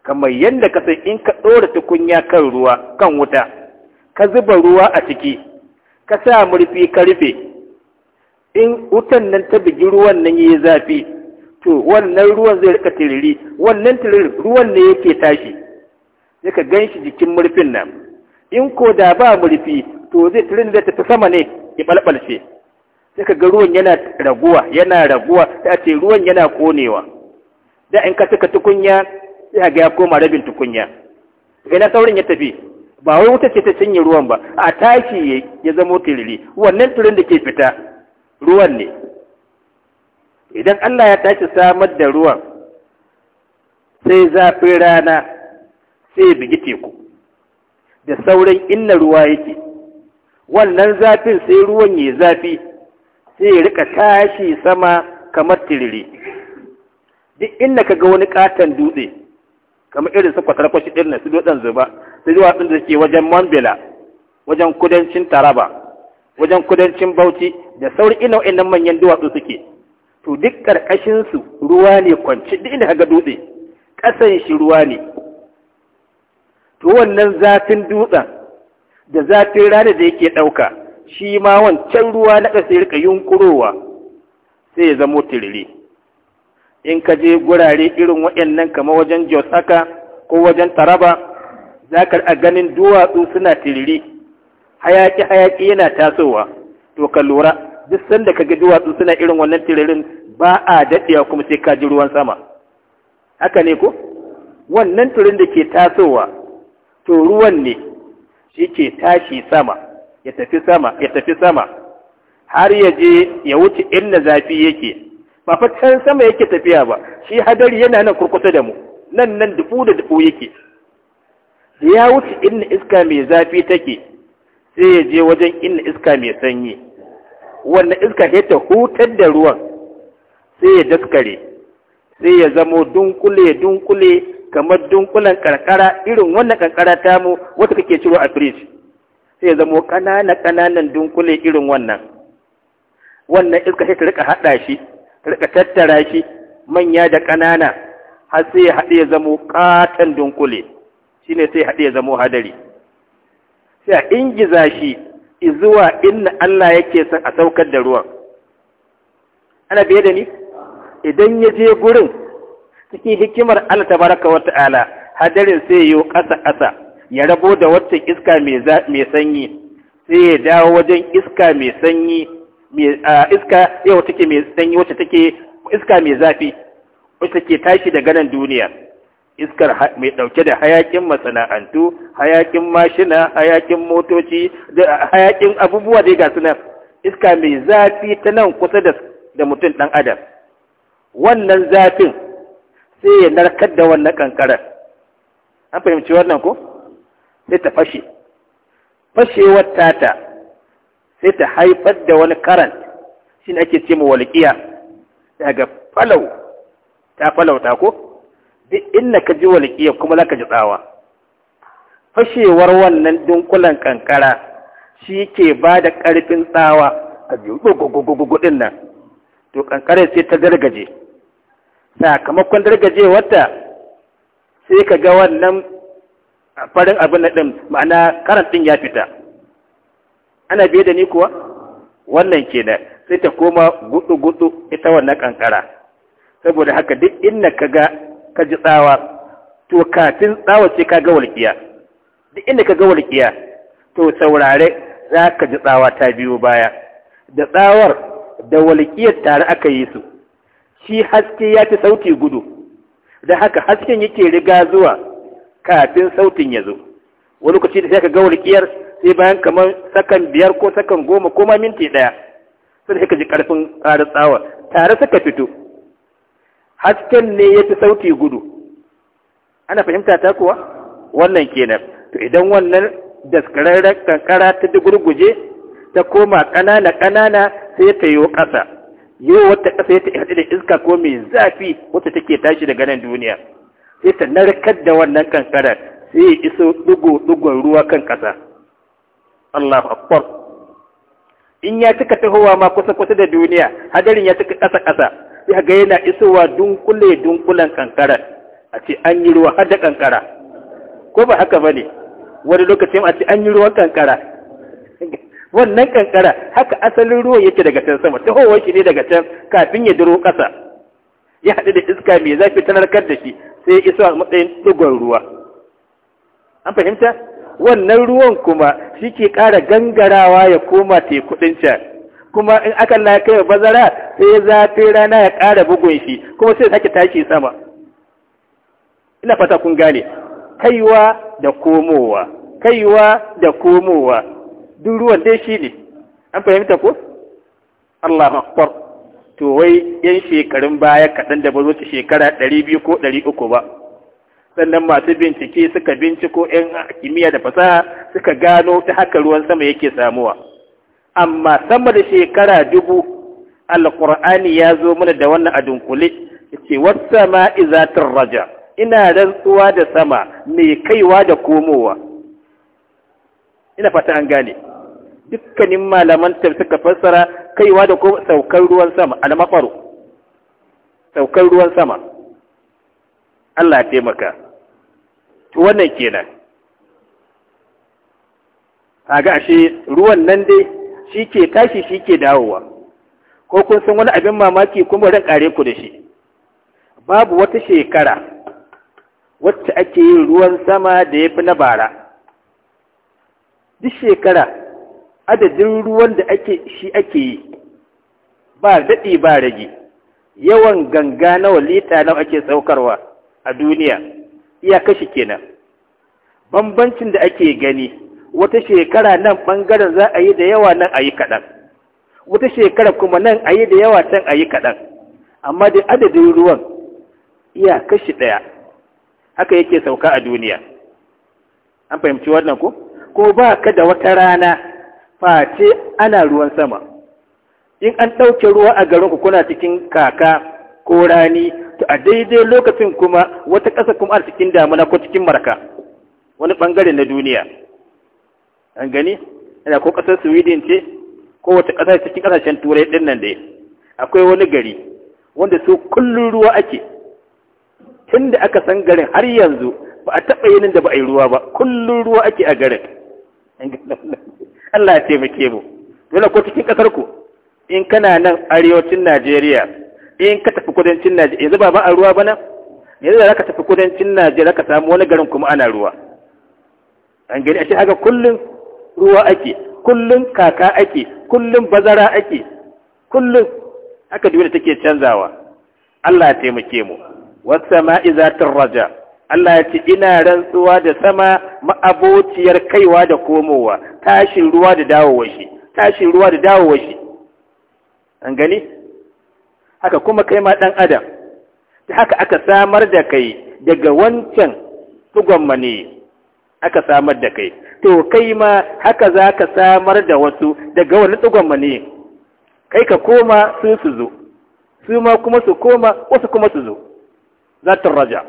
kamar yadda ka san in ka ɗora tukunya kan ruwa kan wuta ka zuba ruwa a ciki ka sa murfi ka rufe in wutan nan ta bugi ruwan nan ya yi zafi to wannan ruwan zai rika tiriri wannan tiriri ruwan ne yake tashi ka gan shi jikin murfin nan in ko da ba murfi to zai turin zai tafi sama ne ya balbalce sai ka ga ruwan yana raguwa yana raguwa sai a ce ruwan yana konewa da in ka cika tukunya sai ga ya koma rabin tukunya ina saurin ya tafi ba wai wuta ce ta cinye ruwan ba a tashi ya zamo tiriri wannan turin da ke fita ruwan ne idan Allah ya tashi samar da ruwan sai zafin rana sai ya bigi teku da sauran inna ruwa yake wannan zafin sai ruwan ya zafi sai ya rika tashi sama kamar tiriri duk inda ka ga wani katon dutse kamar irin su kwatarkwashi irin na su dutsen zuba su zuwa sun da suke wajen mambila wajen kudancin taraba wajen kudancin bauchi da sauran ina wa'annan manyan duwatsu suke to duk ƙarƙashinsu ruwa ne kwanci duk inda ka dutse ƙasan shi ruwa ne to wannan zafin dutsen da zafin rana da yake ɗauka shi ma wancan ruwa na ƙasa rika yunkurowa sai ya zamo tirire in ka je gurare irin waɗannan kamar wajen jos haka ko wajen taraba za ka a ganin duwatsu suna tirire hayaƙi hayaƙi yana tasowa to ka lura duk sanda ka ga duwatsu suna irin wannan tiririn ba a daɗewa kuma sai ka ji ruwan sama haka ne ko wannan turin da ke tasowa to ruwan ne shi ke tashi sama ya tafi sama ya tafi sama har ya je ya wuce inda zafi yake ba fa can sama yake tafiya ba shi hadari yana nan kurkusa da mu nan nan dubu da dubu yake ya wuce inda iska mai zafi take sai ya je wajen inda iska mai sanyi wannan iska ya ta hutar da ruwan sai ya daskare sai ya zamo dunkule dunkule kamar dunkulan karkara irin wannan kankara ta mu wata kake ciro a firij. sai ya zamo ƙanana ƙananan dunkule irin wannan wannan iska sai ta rika haɗa shi ta rika tattara shi manya da ƙanana har sai ya haɗe ya zamo ƙaton dunkule shine sai ya haɗe ya zamo hadari sai a ingiza shi zuwa inna Allah yake son a saukar da ruwan ana biye da ni idan ya je gurin cikin hikimar Allah Ta wa ta'ala hadarin sai yi ƙasa ƙasa ya rabo da wacce iska mai sanyi sai ya dawo wajen iska mai sanyi iska yau take mai sanyi wacce take iska mai zafi wacce take tashi da ganin duniya iskar mai ɗauke da hayakin masana'antu hayakin mashina hayakin motoci da hayakin abubuwa dai ga suna iska mai zafi ta nan kusa da mutum ɗan adam wannan zafin sai ya narkar da wannan kankarar an fahimci wannan ko sai ta fashe fashewar tata sai ta haifar da wani karan shi ne ake ce walƙiya daga falau ta falauta ko duk inda ka ji walƙiya kuma za ka ji tsawa fashewar wannan dunkulan kankara shi ke ba da ƙarfin tsawa a biyu guguguguguɗin to kankarar sai ta gargaje sakamakon dargajewarta sai ka ga wannan farin abin na ɗin ma'ana karantin ya fita ana biye da ni kuwa wannan ke da, sai ta koma gudu-gudu ita wannan kankara saboda haka duk inda ka ga ka ji tsawa to kafin tsawa ce ka ga walƙiya duk inda ka ga walƙiya to saurare za ka ji tsawa ta biyo baya da tsawar da walƙiyar tare aka yi su shi haske ya fi sauti gudu da haka hasken yake riga zuwa kafin sautin ya zo wani lokaci da sai ka ga walƙiyar sai bayan kamar sakan biyar ko sakan goma ko ma minti ɗaya sai da ji ƙarfin ƙarar tsawa tare suka fito hasken ne ya fi sauti gudu ana fahimta ta kuwa wannan kenan to idan wannan daskararren kankara ta gurguje ta koma ƙanana ƙanana sai ta yi ƙasa yau wata ƙasa ta haɗe da iska ko mai zafi wata take tashi daga nan duniya sai ta narkar da wannan kankarar sai ya iso ɗigo-ɗigon ruwa kan ƙasa Allahu akbar in ya cika tahowa ma kusa-kusa da duniya hadarin ya cika ƙasa-ƙasa sai ga yana isowa dunkule-dunkulen kankarar a ce an yi ruwa har da kankara ko ba haka ba ne wani lokacin a ce an yi ruwan kankara wannan kankara haka asalin ruwan yake daga can sama tahowar shi ne daga can kafin ya duro ƙasa ya haɗu da iska mai zafi ta narkar da shi sai ya iso a matsayin ɗigon ruwa an fahimta wannan ruwan kuma shi ke ƙara gangarawa ya koma teku ɗin can kuma in aka na kai bazara sai ya zafi rana ya ƙara bugun shi kuma sai sake tashi sama ina fata kun gane kaiwa da komowa kaiwa da komowa duk ruwan dai shi ne an fahimta ko Allah makwar to wai yan shekarun baya kaɗan da ba ta shekara ɗari biyu ko ɗari uku ba sannan masu bincike suka binciko yan kimiyya da fasaha suka gano ta haka ruwan sama yake samuwa amma sama da shekara dubu alƙur'ani ya zo mana da wannan a dunkule wasu ma izatar raja ina rantsuwa da sama mai kaiwa da komowa ina fata an gane dukkanin malaman ta suka fassara kaiwa da ko saukar ruwan sama al saukar ruwan sama Allah ya taimaka wannan kenan ga ashe ruwan nan dai shi ke tashi shi ke dawowa ko kun san wani abin mamaki kuma ran kare ku da shi babu wata shekara wacce ake yin ruwan sama da ya fi na bara duk shekara adadin ruwan da ake shi ake yi ba daɗi ba rage yawan ganga nawa lita nawa ake saukarwa a duniya iya kashi kenan bambancin da ake gani wata shekara nan ɓangaren za a yi da yawa nan a yi kaɗan wata shekara kuma nan a yi da yawa can a yi kaɗan amma da adadin ruwan iya kashi ɗaya haka yake sauka a duniya an fahimci wannan ko ko ba ka da wata rana face ana ruwan sama in an ɗauke ruwa a garinku kuna cikin kaka ko rani to a daidai lokacin kuma wata ƙasa kuma a cikin damuna ko cikin marka wani ɓangare na duniya an gani yana ko ƙasar sweden ce ko wata ƙasa cikin ƙasashen turai ɗin nan dai akwai wani gari wanda su kullum ruwa ake tun da aka san garin har yanzu ba a taɓa yinin da ba a yi ruwa ba kullum ruwa ake a garin Allah ya taimake mu dole ko cikin kasar ku in kana nan arewacin Najeriya in ka tafi kudancin Najeriya yanzu ba ba a ruwa ba nan yanzu da zaka tafi kudancin Najeriya ka samu wani garin kuma ana ruwa an gani a haka kullum ruwa ake kullum kaka ake kullum bazara ake kullum haka duniya take canzawa Allah ya taimake mu was sama'i zatir raja' Allah ya ce ina rantsuwa da sama ma'abociyar kaiwa da komowa tashin ruwa da dawowar shi tashin ruwa da dawowar shi an gani haka kuma kai ma dan adam ta haka aka samar da kai daga wancan tugon aka samar da kai to kai ma haka za ka samar da wasu daga wani tugon kai ka koma su su zo su ma kuma su koma wasu kuma su zo za raja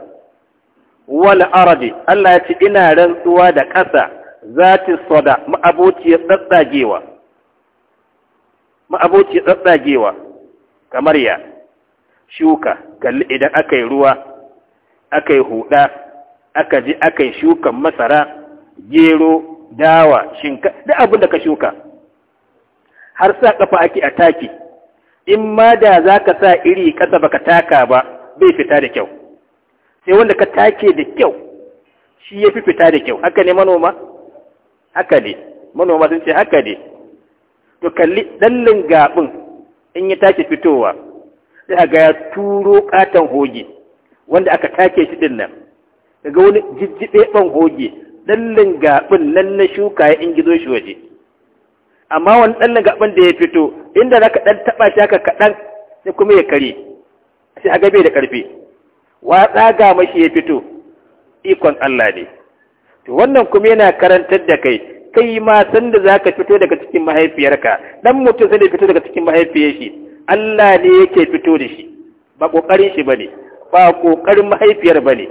wal ardi Allah ya ce ina rantsuwa da ƙasa zati sada ma'abociyar tsatsagewa ma'abociyar tsatsagewa kamar ya shuka kalli idan aka yi ruwa aka yi huda aka ji aka yi shukan masara gero dawa shinka da abin da ka shuka har sa kafa ake a taki in ma da za ka sa iri ƙasa baka taka ba bai fita da kyau sai wanda ka take da kyau shi ya fi fita da kyau haka ne manoma haka ne manoma sun ce haka ne to kalli ɗallin gaɓin in ya take fitowa sai a ga ya turo ƙaton hoge wanda aka take shi din nan daga wani ban hoge ɗallin gaɓin nan na shuka ya in gizo shi waje amma wani ɗallin gaɓin da ya fito inda za ka ɗan taɓa shi haka kaɗan sai kuma ya kare sai a ga bai da ƙarfi wa tsaga mashi ya fito ikon Allah ne to wannan kuma yana karantar da kai kai ma san da zaka fito daga cikin mahaifiyarka dan mutum sai da fito daga cikin mahaifiyar shi Allah ne yake fito da shi ba kokarin shi bane ba kokarin mahaifiyar bane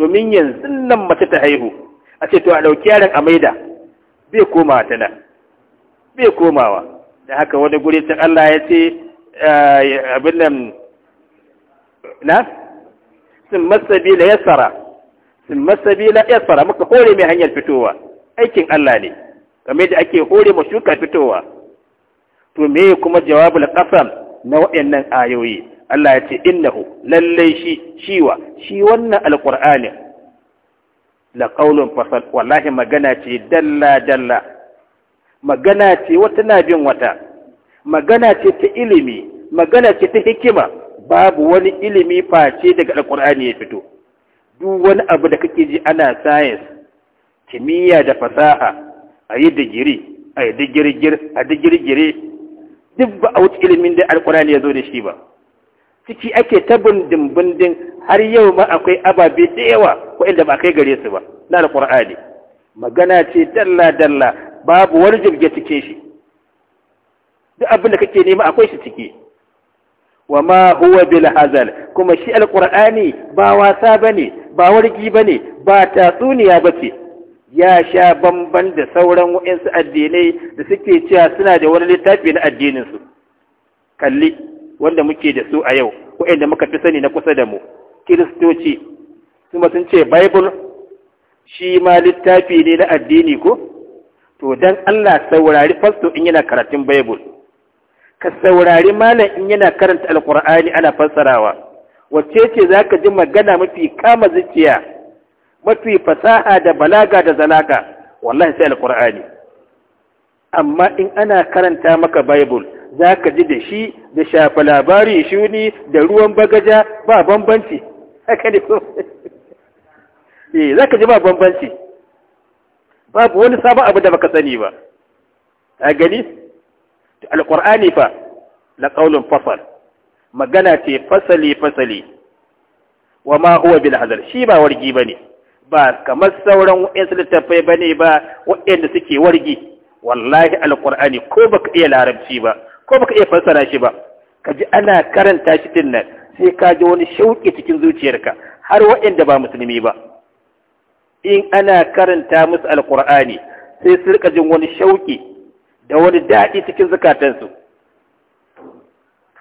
domin yanzu nan mace ta haihu a ce to a dauki yaron a maida bai koma ta nan bai komawa da haka wani guri ta Allah ya ce eh, abin nan na Sun ثم السبيل يسرى ثم ya tsara muka kore mai hanyar fitowa aikin Allah ne kamar da ake kore mu shuka fitowa to me kuma jawabul qasam na waɗannan ayoyi Allah ya ce innahu lallai shi shiwa shi wannan alqur'ani la qaulun fasal wallahi magana ce dalla dalla magana ce wata na bin wata magana ce ta ilimi magana ce ta hikima babu wani ilimi face daga alkur'ani ya fito duk wani abu da kake ji ana science kimiyya da fasaha a yi digiri a yi digirgir a digirgire duk ba a wuce ilimin da alkur'ani ya zo da shi ba ciki ake ta bindin bindin har yau ma akwai ababe da yawa ko inda ba kai gare su ba na alkur'ani magana ce dalla dalla babu wani jirge cikin shi duk abin da kake nema akwai shi ciki wa ma huwa bil hazal kuma shi alqur'ani ba wasa bane ba wargi bane ba tatsuniya bace ya sha bamban da sauran wa'ansu addinai da suke cewa suna da wani littafi na addinin su kalli wanda muke da su a yau wa'inda muka fi sani na kusa da mu kiristoci kuma sun ce bible shi ma littafi ne na addini ko to dan Allah saurari fasto in yana karatun bible ka saurari malam in yana karanta alkur'ani ana fassarawa wacce ce za ka ji magana mafi kama zuciya mafi fasaha da balaga da zalaka wallahi sai alkur'ani amma in ana karanta maka bible za ka ji da shi da shafa labari shuni da ruwan bagaja ba bambanci haka ne ko eh za ka ji ba bambanci babu wani sabon abu da baka sani ba a gani alqur'ani fa la qaulun fasal magana ce fasali fasali wa ma huwa bil hazar shi ba wargi bane ba kamar sauran wa'ansu littattafai bane ba wa'anda suke wargi wallahi alqur'ani ko baka iya larabci ba ko baka iya fassara shi ba ka ji ana karanta shi din nan sai ka ji wani shauƙi cikin zuciyarka har wa'anda ba musulmi ba in ana karanta musu alqur'ani sai su rika jin wani shauƙi da wani daɗi cikin zukatansu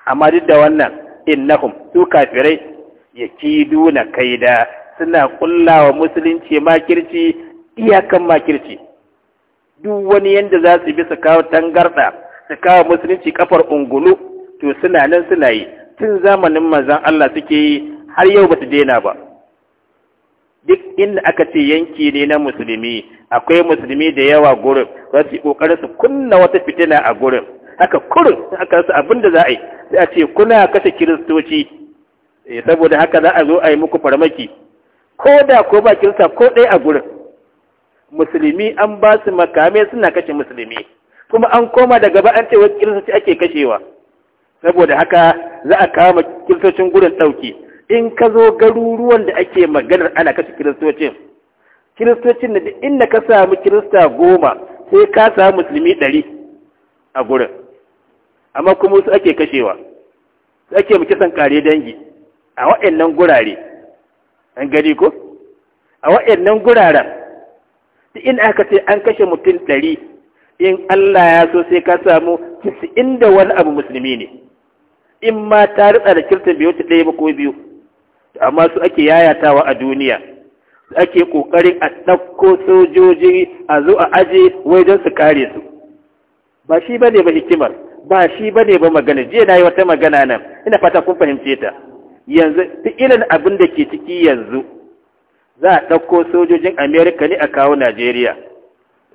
amma duk da wannan innahum su kafirai ya kiduna kaida suna ƙulla wa musulunci makirci iyakan makirci duk wani yanda za su bi su kawo tangarda su kawo musulunci kafar ungulu to suna nan suna yi tun zamanin manzon Allah suke yi har yau ba su daina ba duk inda aka ce yanki ne na musulmi akwai musulmi da yawa gurin za su yi kokarin su kunna wata fitina a gurin haka kurin aka rasa abin da za a yi sai a ce kuna kashe kiristoci eh, saboda haka za a zo a yi muku farmaki ko da ko ba kirista ko ɗaya a gurin musulmi an ba su makame suna kashe musulmi kuma an koma da gaba an ce wasu kiristoci ake kashewa saboda haka za a kama kiristocin gurin ɗauki in ka zo garuruwan da ake maganar ana kashe kiristocin kiristocin da inda ka samu kirista goma sai ka samu musulmi ɗari a gurin amma kuma su ake kashewa su ake mu kisan kare dangi a waɗannan gurare an gani ko a waɗannan guraren duk in aka ce an kashe mutum ɗari in Allah ya so sai ka samu inda wani abu musulmi ne in ma ta rutsa da kirtan biyu ta ɗaya ba ko biyu amma su ake yayatawa a duniya su ake ƙoƙarin a ɗauko sojoji a zo a aje wai don su kare su ba shi ba ne ba hikimar ba shi ba ne ba magana jiya na yi wata magana nan ina fata kun fahimce ta yanzu ta irin abin da ke ciki yanzu za a ɗauko sojojin amerika ne a kawo najeriya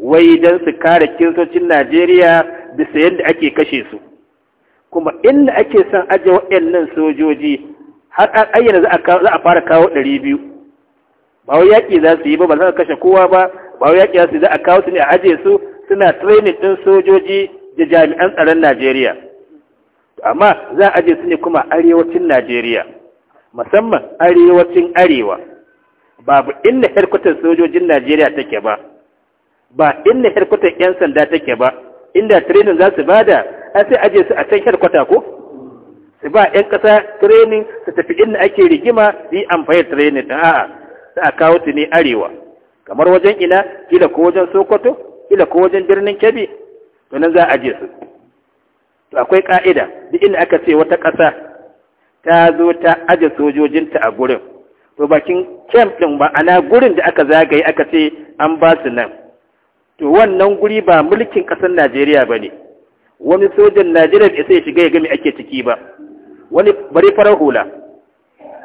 wai don su kare kiristocin najeriya bisa yadda ake kashe su kuma inda ake son aje waɗannan sojoji har an ayyana za a fara kawo ɗari biyu ba wai yaƙi za su yi ba ba za a kashe kowa ba ba wai yaƙi za su yi za a kawo su ne a ajiye su suna training ɗin sojoji da jami'an tsaron Najeriya amma za a ajiye su ne kuma arewacin Najeriya musamman arewacin arewa babu inda harkutan sojojin Najeriya take ba ba inda harkutan 'yan sanda take ba inda training za su bada an sai ajiye su a can harkwata ko ba yan ƙasa training su tafi inda ake rigima yi amfani training ta a'a za a kawo ta ne arewa kamar wajen ina kila ko wajen sokoto kila ko wajen birnin kebbi to nan za a je su to akwai ka'ida duk inda aka ce wata ƙasa ta zo ta aje sojojinta a gurin to bakin camp din ba ana gurin da aka zagaye aka ce an ba su nan to wannan guri ba mulkin ƙasar Najeriya ba ne wani sojan Najeriya bai sai shiga ya gami ake ciki ba wani bari farar hula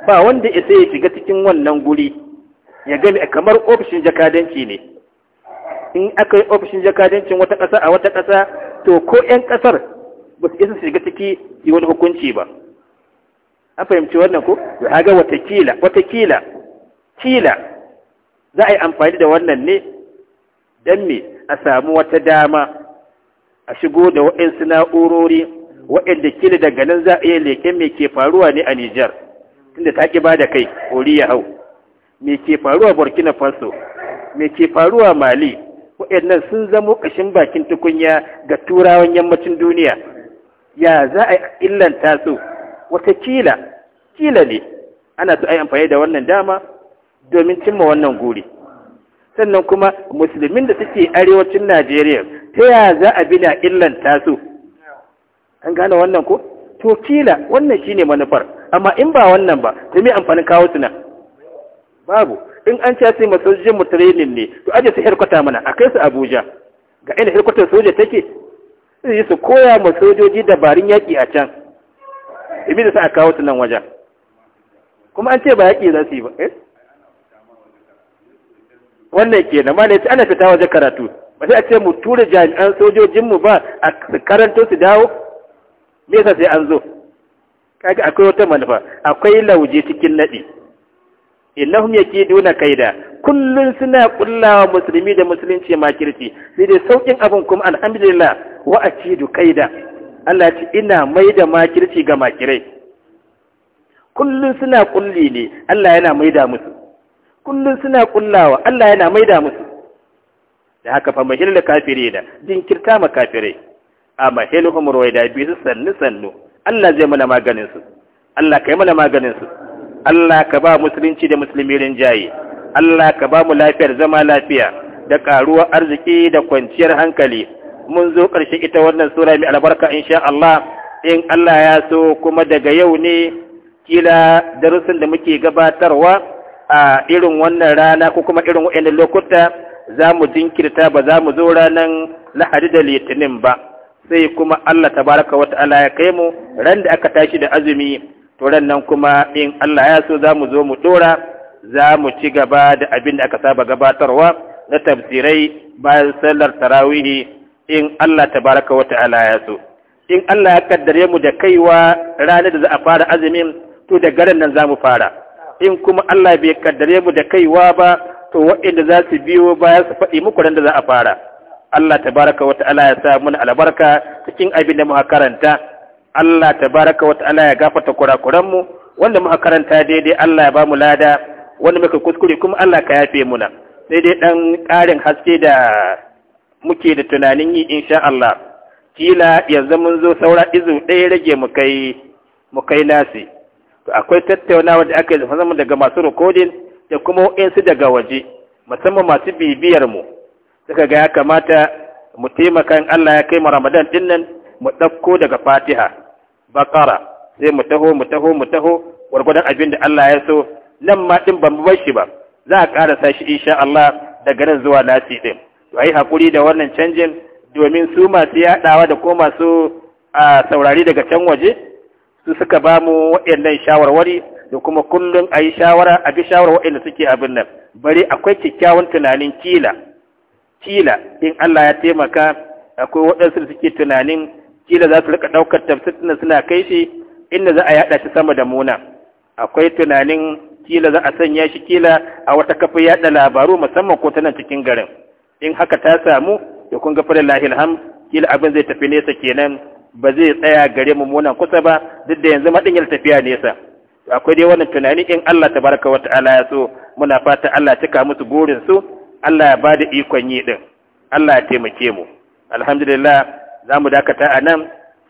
ba wanda isa ya shiga cikin wannan guri ya gani kamar ofishin jakadanci ne in aka yi ofishin jakadancin wata ƙasa a wata ƙasa to ko 'yan ƙasar ba su isa shiga ciki yi wani hukunci ba an fahimci wannan ko haga watakila watakila kila za a yi amfani da wannan ne dan me a samu wata dama a shigo da waɗansu na'urori waɗanda kila daga nan za a iya leƙen mai ke faruwa ne a Nijar tunda ta ki da kai kori ya hau me ke faruwa Burkina Faso me ke faruwa Mali waɗannan sun zamo ƙashin bakin tukunya ga turawan yammacin duniya ya za a illanta su wata kila kila ne ana so a yi amfani da wannan dama domin cimma wannan guri sannan kuma musulmin da suke arewacin Najeriya ta ya za a bi bina illanta su an gane wannan ko to kila wannan shine manufar amma in ba wannan ba to me amfanin kawo suna babu in an ce sai masojin mu training ne to aje su herkwata mana a kai su Abuja ga inda herkwatar soja take sai su koya ma sojoji dabarun yaki a can ibi da sa a kawo tunan nan wajen kuma an ce ba yaki za su yi ba eh wannan kenan ma ne ana fita waje karatu ba sai a ce mu tura jami'an sojojinmu ba a karanto su dawo me yasa sai an zo kaga akwai wata manufa akwai lauje cikin nadi innahum yakiduna kaida kullun suna kullawa musulmi da musulunci makirci sai dai saukin abin kuma alhamdulillah wa akidu kaida Allah ce ina maida makirci ga makirai kullun suna kulli ne Allah yana maida musu kullun suna kullawa Allah yana maida musu da haka fa mahilla kafire da jinkirta ma kafirai amahiluhum ruwaida bi su sannu sannu Allah zai mana maganin su Allah yi mana maganin su Allah ka ba musulunci da musulmi rinjaye Allah ka ba mu lafiyar zama lafiya da karuwar arziki da kwanciyar hankali mun zo ƙarshe ita wannan sura mai albarka insha Allah in Allah ya so kuma daga yau ne kila darussan da muke gabatarwa a irin wannan rana ko kuma irin wa'annan lokuta za mu jinkirta ba za mu zo ranar lahadi da litinin ba sai kuma Allah tabaraka wa ala ya kai mu ran da aka tashi da azumi to ran nan kuma in Allah ya so za mu zo mu ɗora za mu ci gaba da abin da aka saba gabatarwa na tafsirai bayan sallar tarawihi in Allah tabaraka wa ta'ala ya so in Allah ya kaddare mu da kaiwa ranar da za a fara azumin to da garin nan za mu fara in kuma Allah bai kaddare mu da kaiwa ba to waɗanda za su biyo bayan su faɗi muku ran da za a fara Allah ta baraka wa ta'ala ya sa mun albarka cikin abin da muka karanta Allah baraka wa ta'ala ya gafarta kurakuran mu wanda muka karanta daidai Allah ya ba mu lada wanda muka kuskure kuma Allah ka yafe muna sai dai ɗan ƙarin haske da muke da tunanin yi insha Allah kila yanzu mun zo saura izu ɗaya rage mu kai mu kai nasi to akwai tattaunawa da aka yi daga masu rikodin da kuma wa'insu daga waje musamman masu bibiyar mu suka ga ya kamata mu taimaka Allah ya kai mu Ramadan din nan mu ɗauko daga Fatiha Bakara sai mu taho mu taho mu taho gwargwadon abin da Allah ya so nan ma ɗin ban bar shi ba za a sa shi insha Allah daga nan zuwa lati ɗin to ai hakuri da wannan canjin domin su masu yaɗawa da ko masu a saurari daga can waje su suka ba mu waɗannan shawarwari da kuma kullum a yi shawara a bi shawara waɗanda suke abin nan bari akwai kyakkyawan tunanin kila kila in Allah ya taimaka akwai waɗansu da suke tunanin kila za su rika ɗaukar tafsirin suna kai shi inda za a yaɗa shi sama da muna akwai tunanin kila za a sanya shi kila a wata kafa yaɗa labaru musamman ko ta cikin garin in haka ta samu ya kun ga fara lahil ham kila abin zai tafi nesa kenan ba zai tsaya gare mu munan kusa ba duk da yanzu maɗin yal tafiya nesa akwai dai wannan tunani in Allah tabaraka wa ta'ala ya so muna fata Allah cika musu burin su Allah ya ba da ikon yi ɗin Allah ya taimake mu alhamdulillah za mu dakata a nan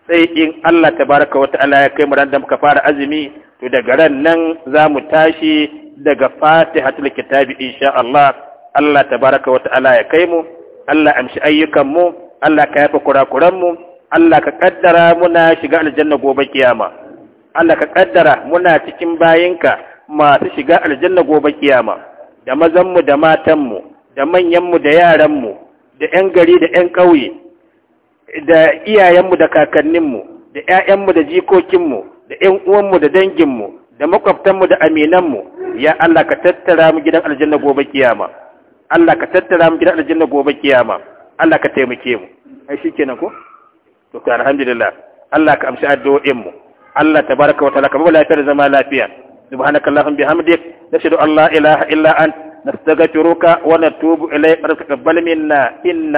sai in Allah ta baraka wata Allah ya kai mu ran da muka fara azumi to daga ran nan za mu tashi daga Fati hatul kitabi insha Allah Allah ta baraka wata Allah ya kai mu Allah amshi ayyukan mu Allah ka yafa kurakuran mu Allah ka kaddara muna shiga aljanna gobe kiyama Allah ka kaddara muna cikin bayinka masu shiga aljanna gobe kiyama da mazanmu da matanmu da manyanmu da yaranmu da 'yan gari da 'yan ƙauye da iyayenmu da kakanninmu da 'ya'yanmu da jikokinmu da 'yan uwanmu da danginmu da makwabtanmu da aminanmu ya Allah ka tattara mu gidan aljanna gobe kiyama Allah ka tattara mu gidan aljanna gobe kiyama Allah ka taimake mu ai shikenan ko to alhamdulillah Allah ka amshi addu'o'in mu Allah tabaraka wa ta'ala ka ba lafiyar zama lafiya subhanakallahumma bihamdik nashhadu an la ilaha illa anta نستغفرك ونتوب إليك ونتقبل منا إنك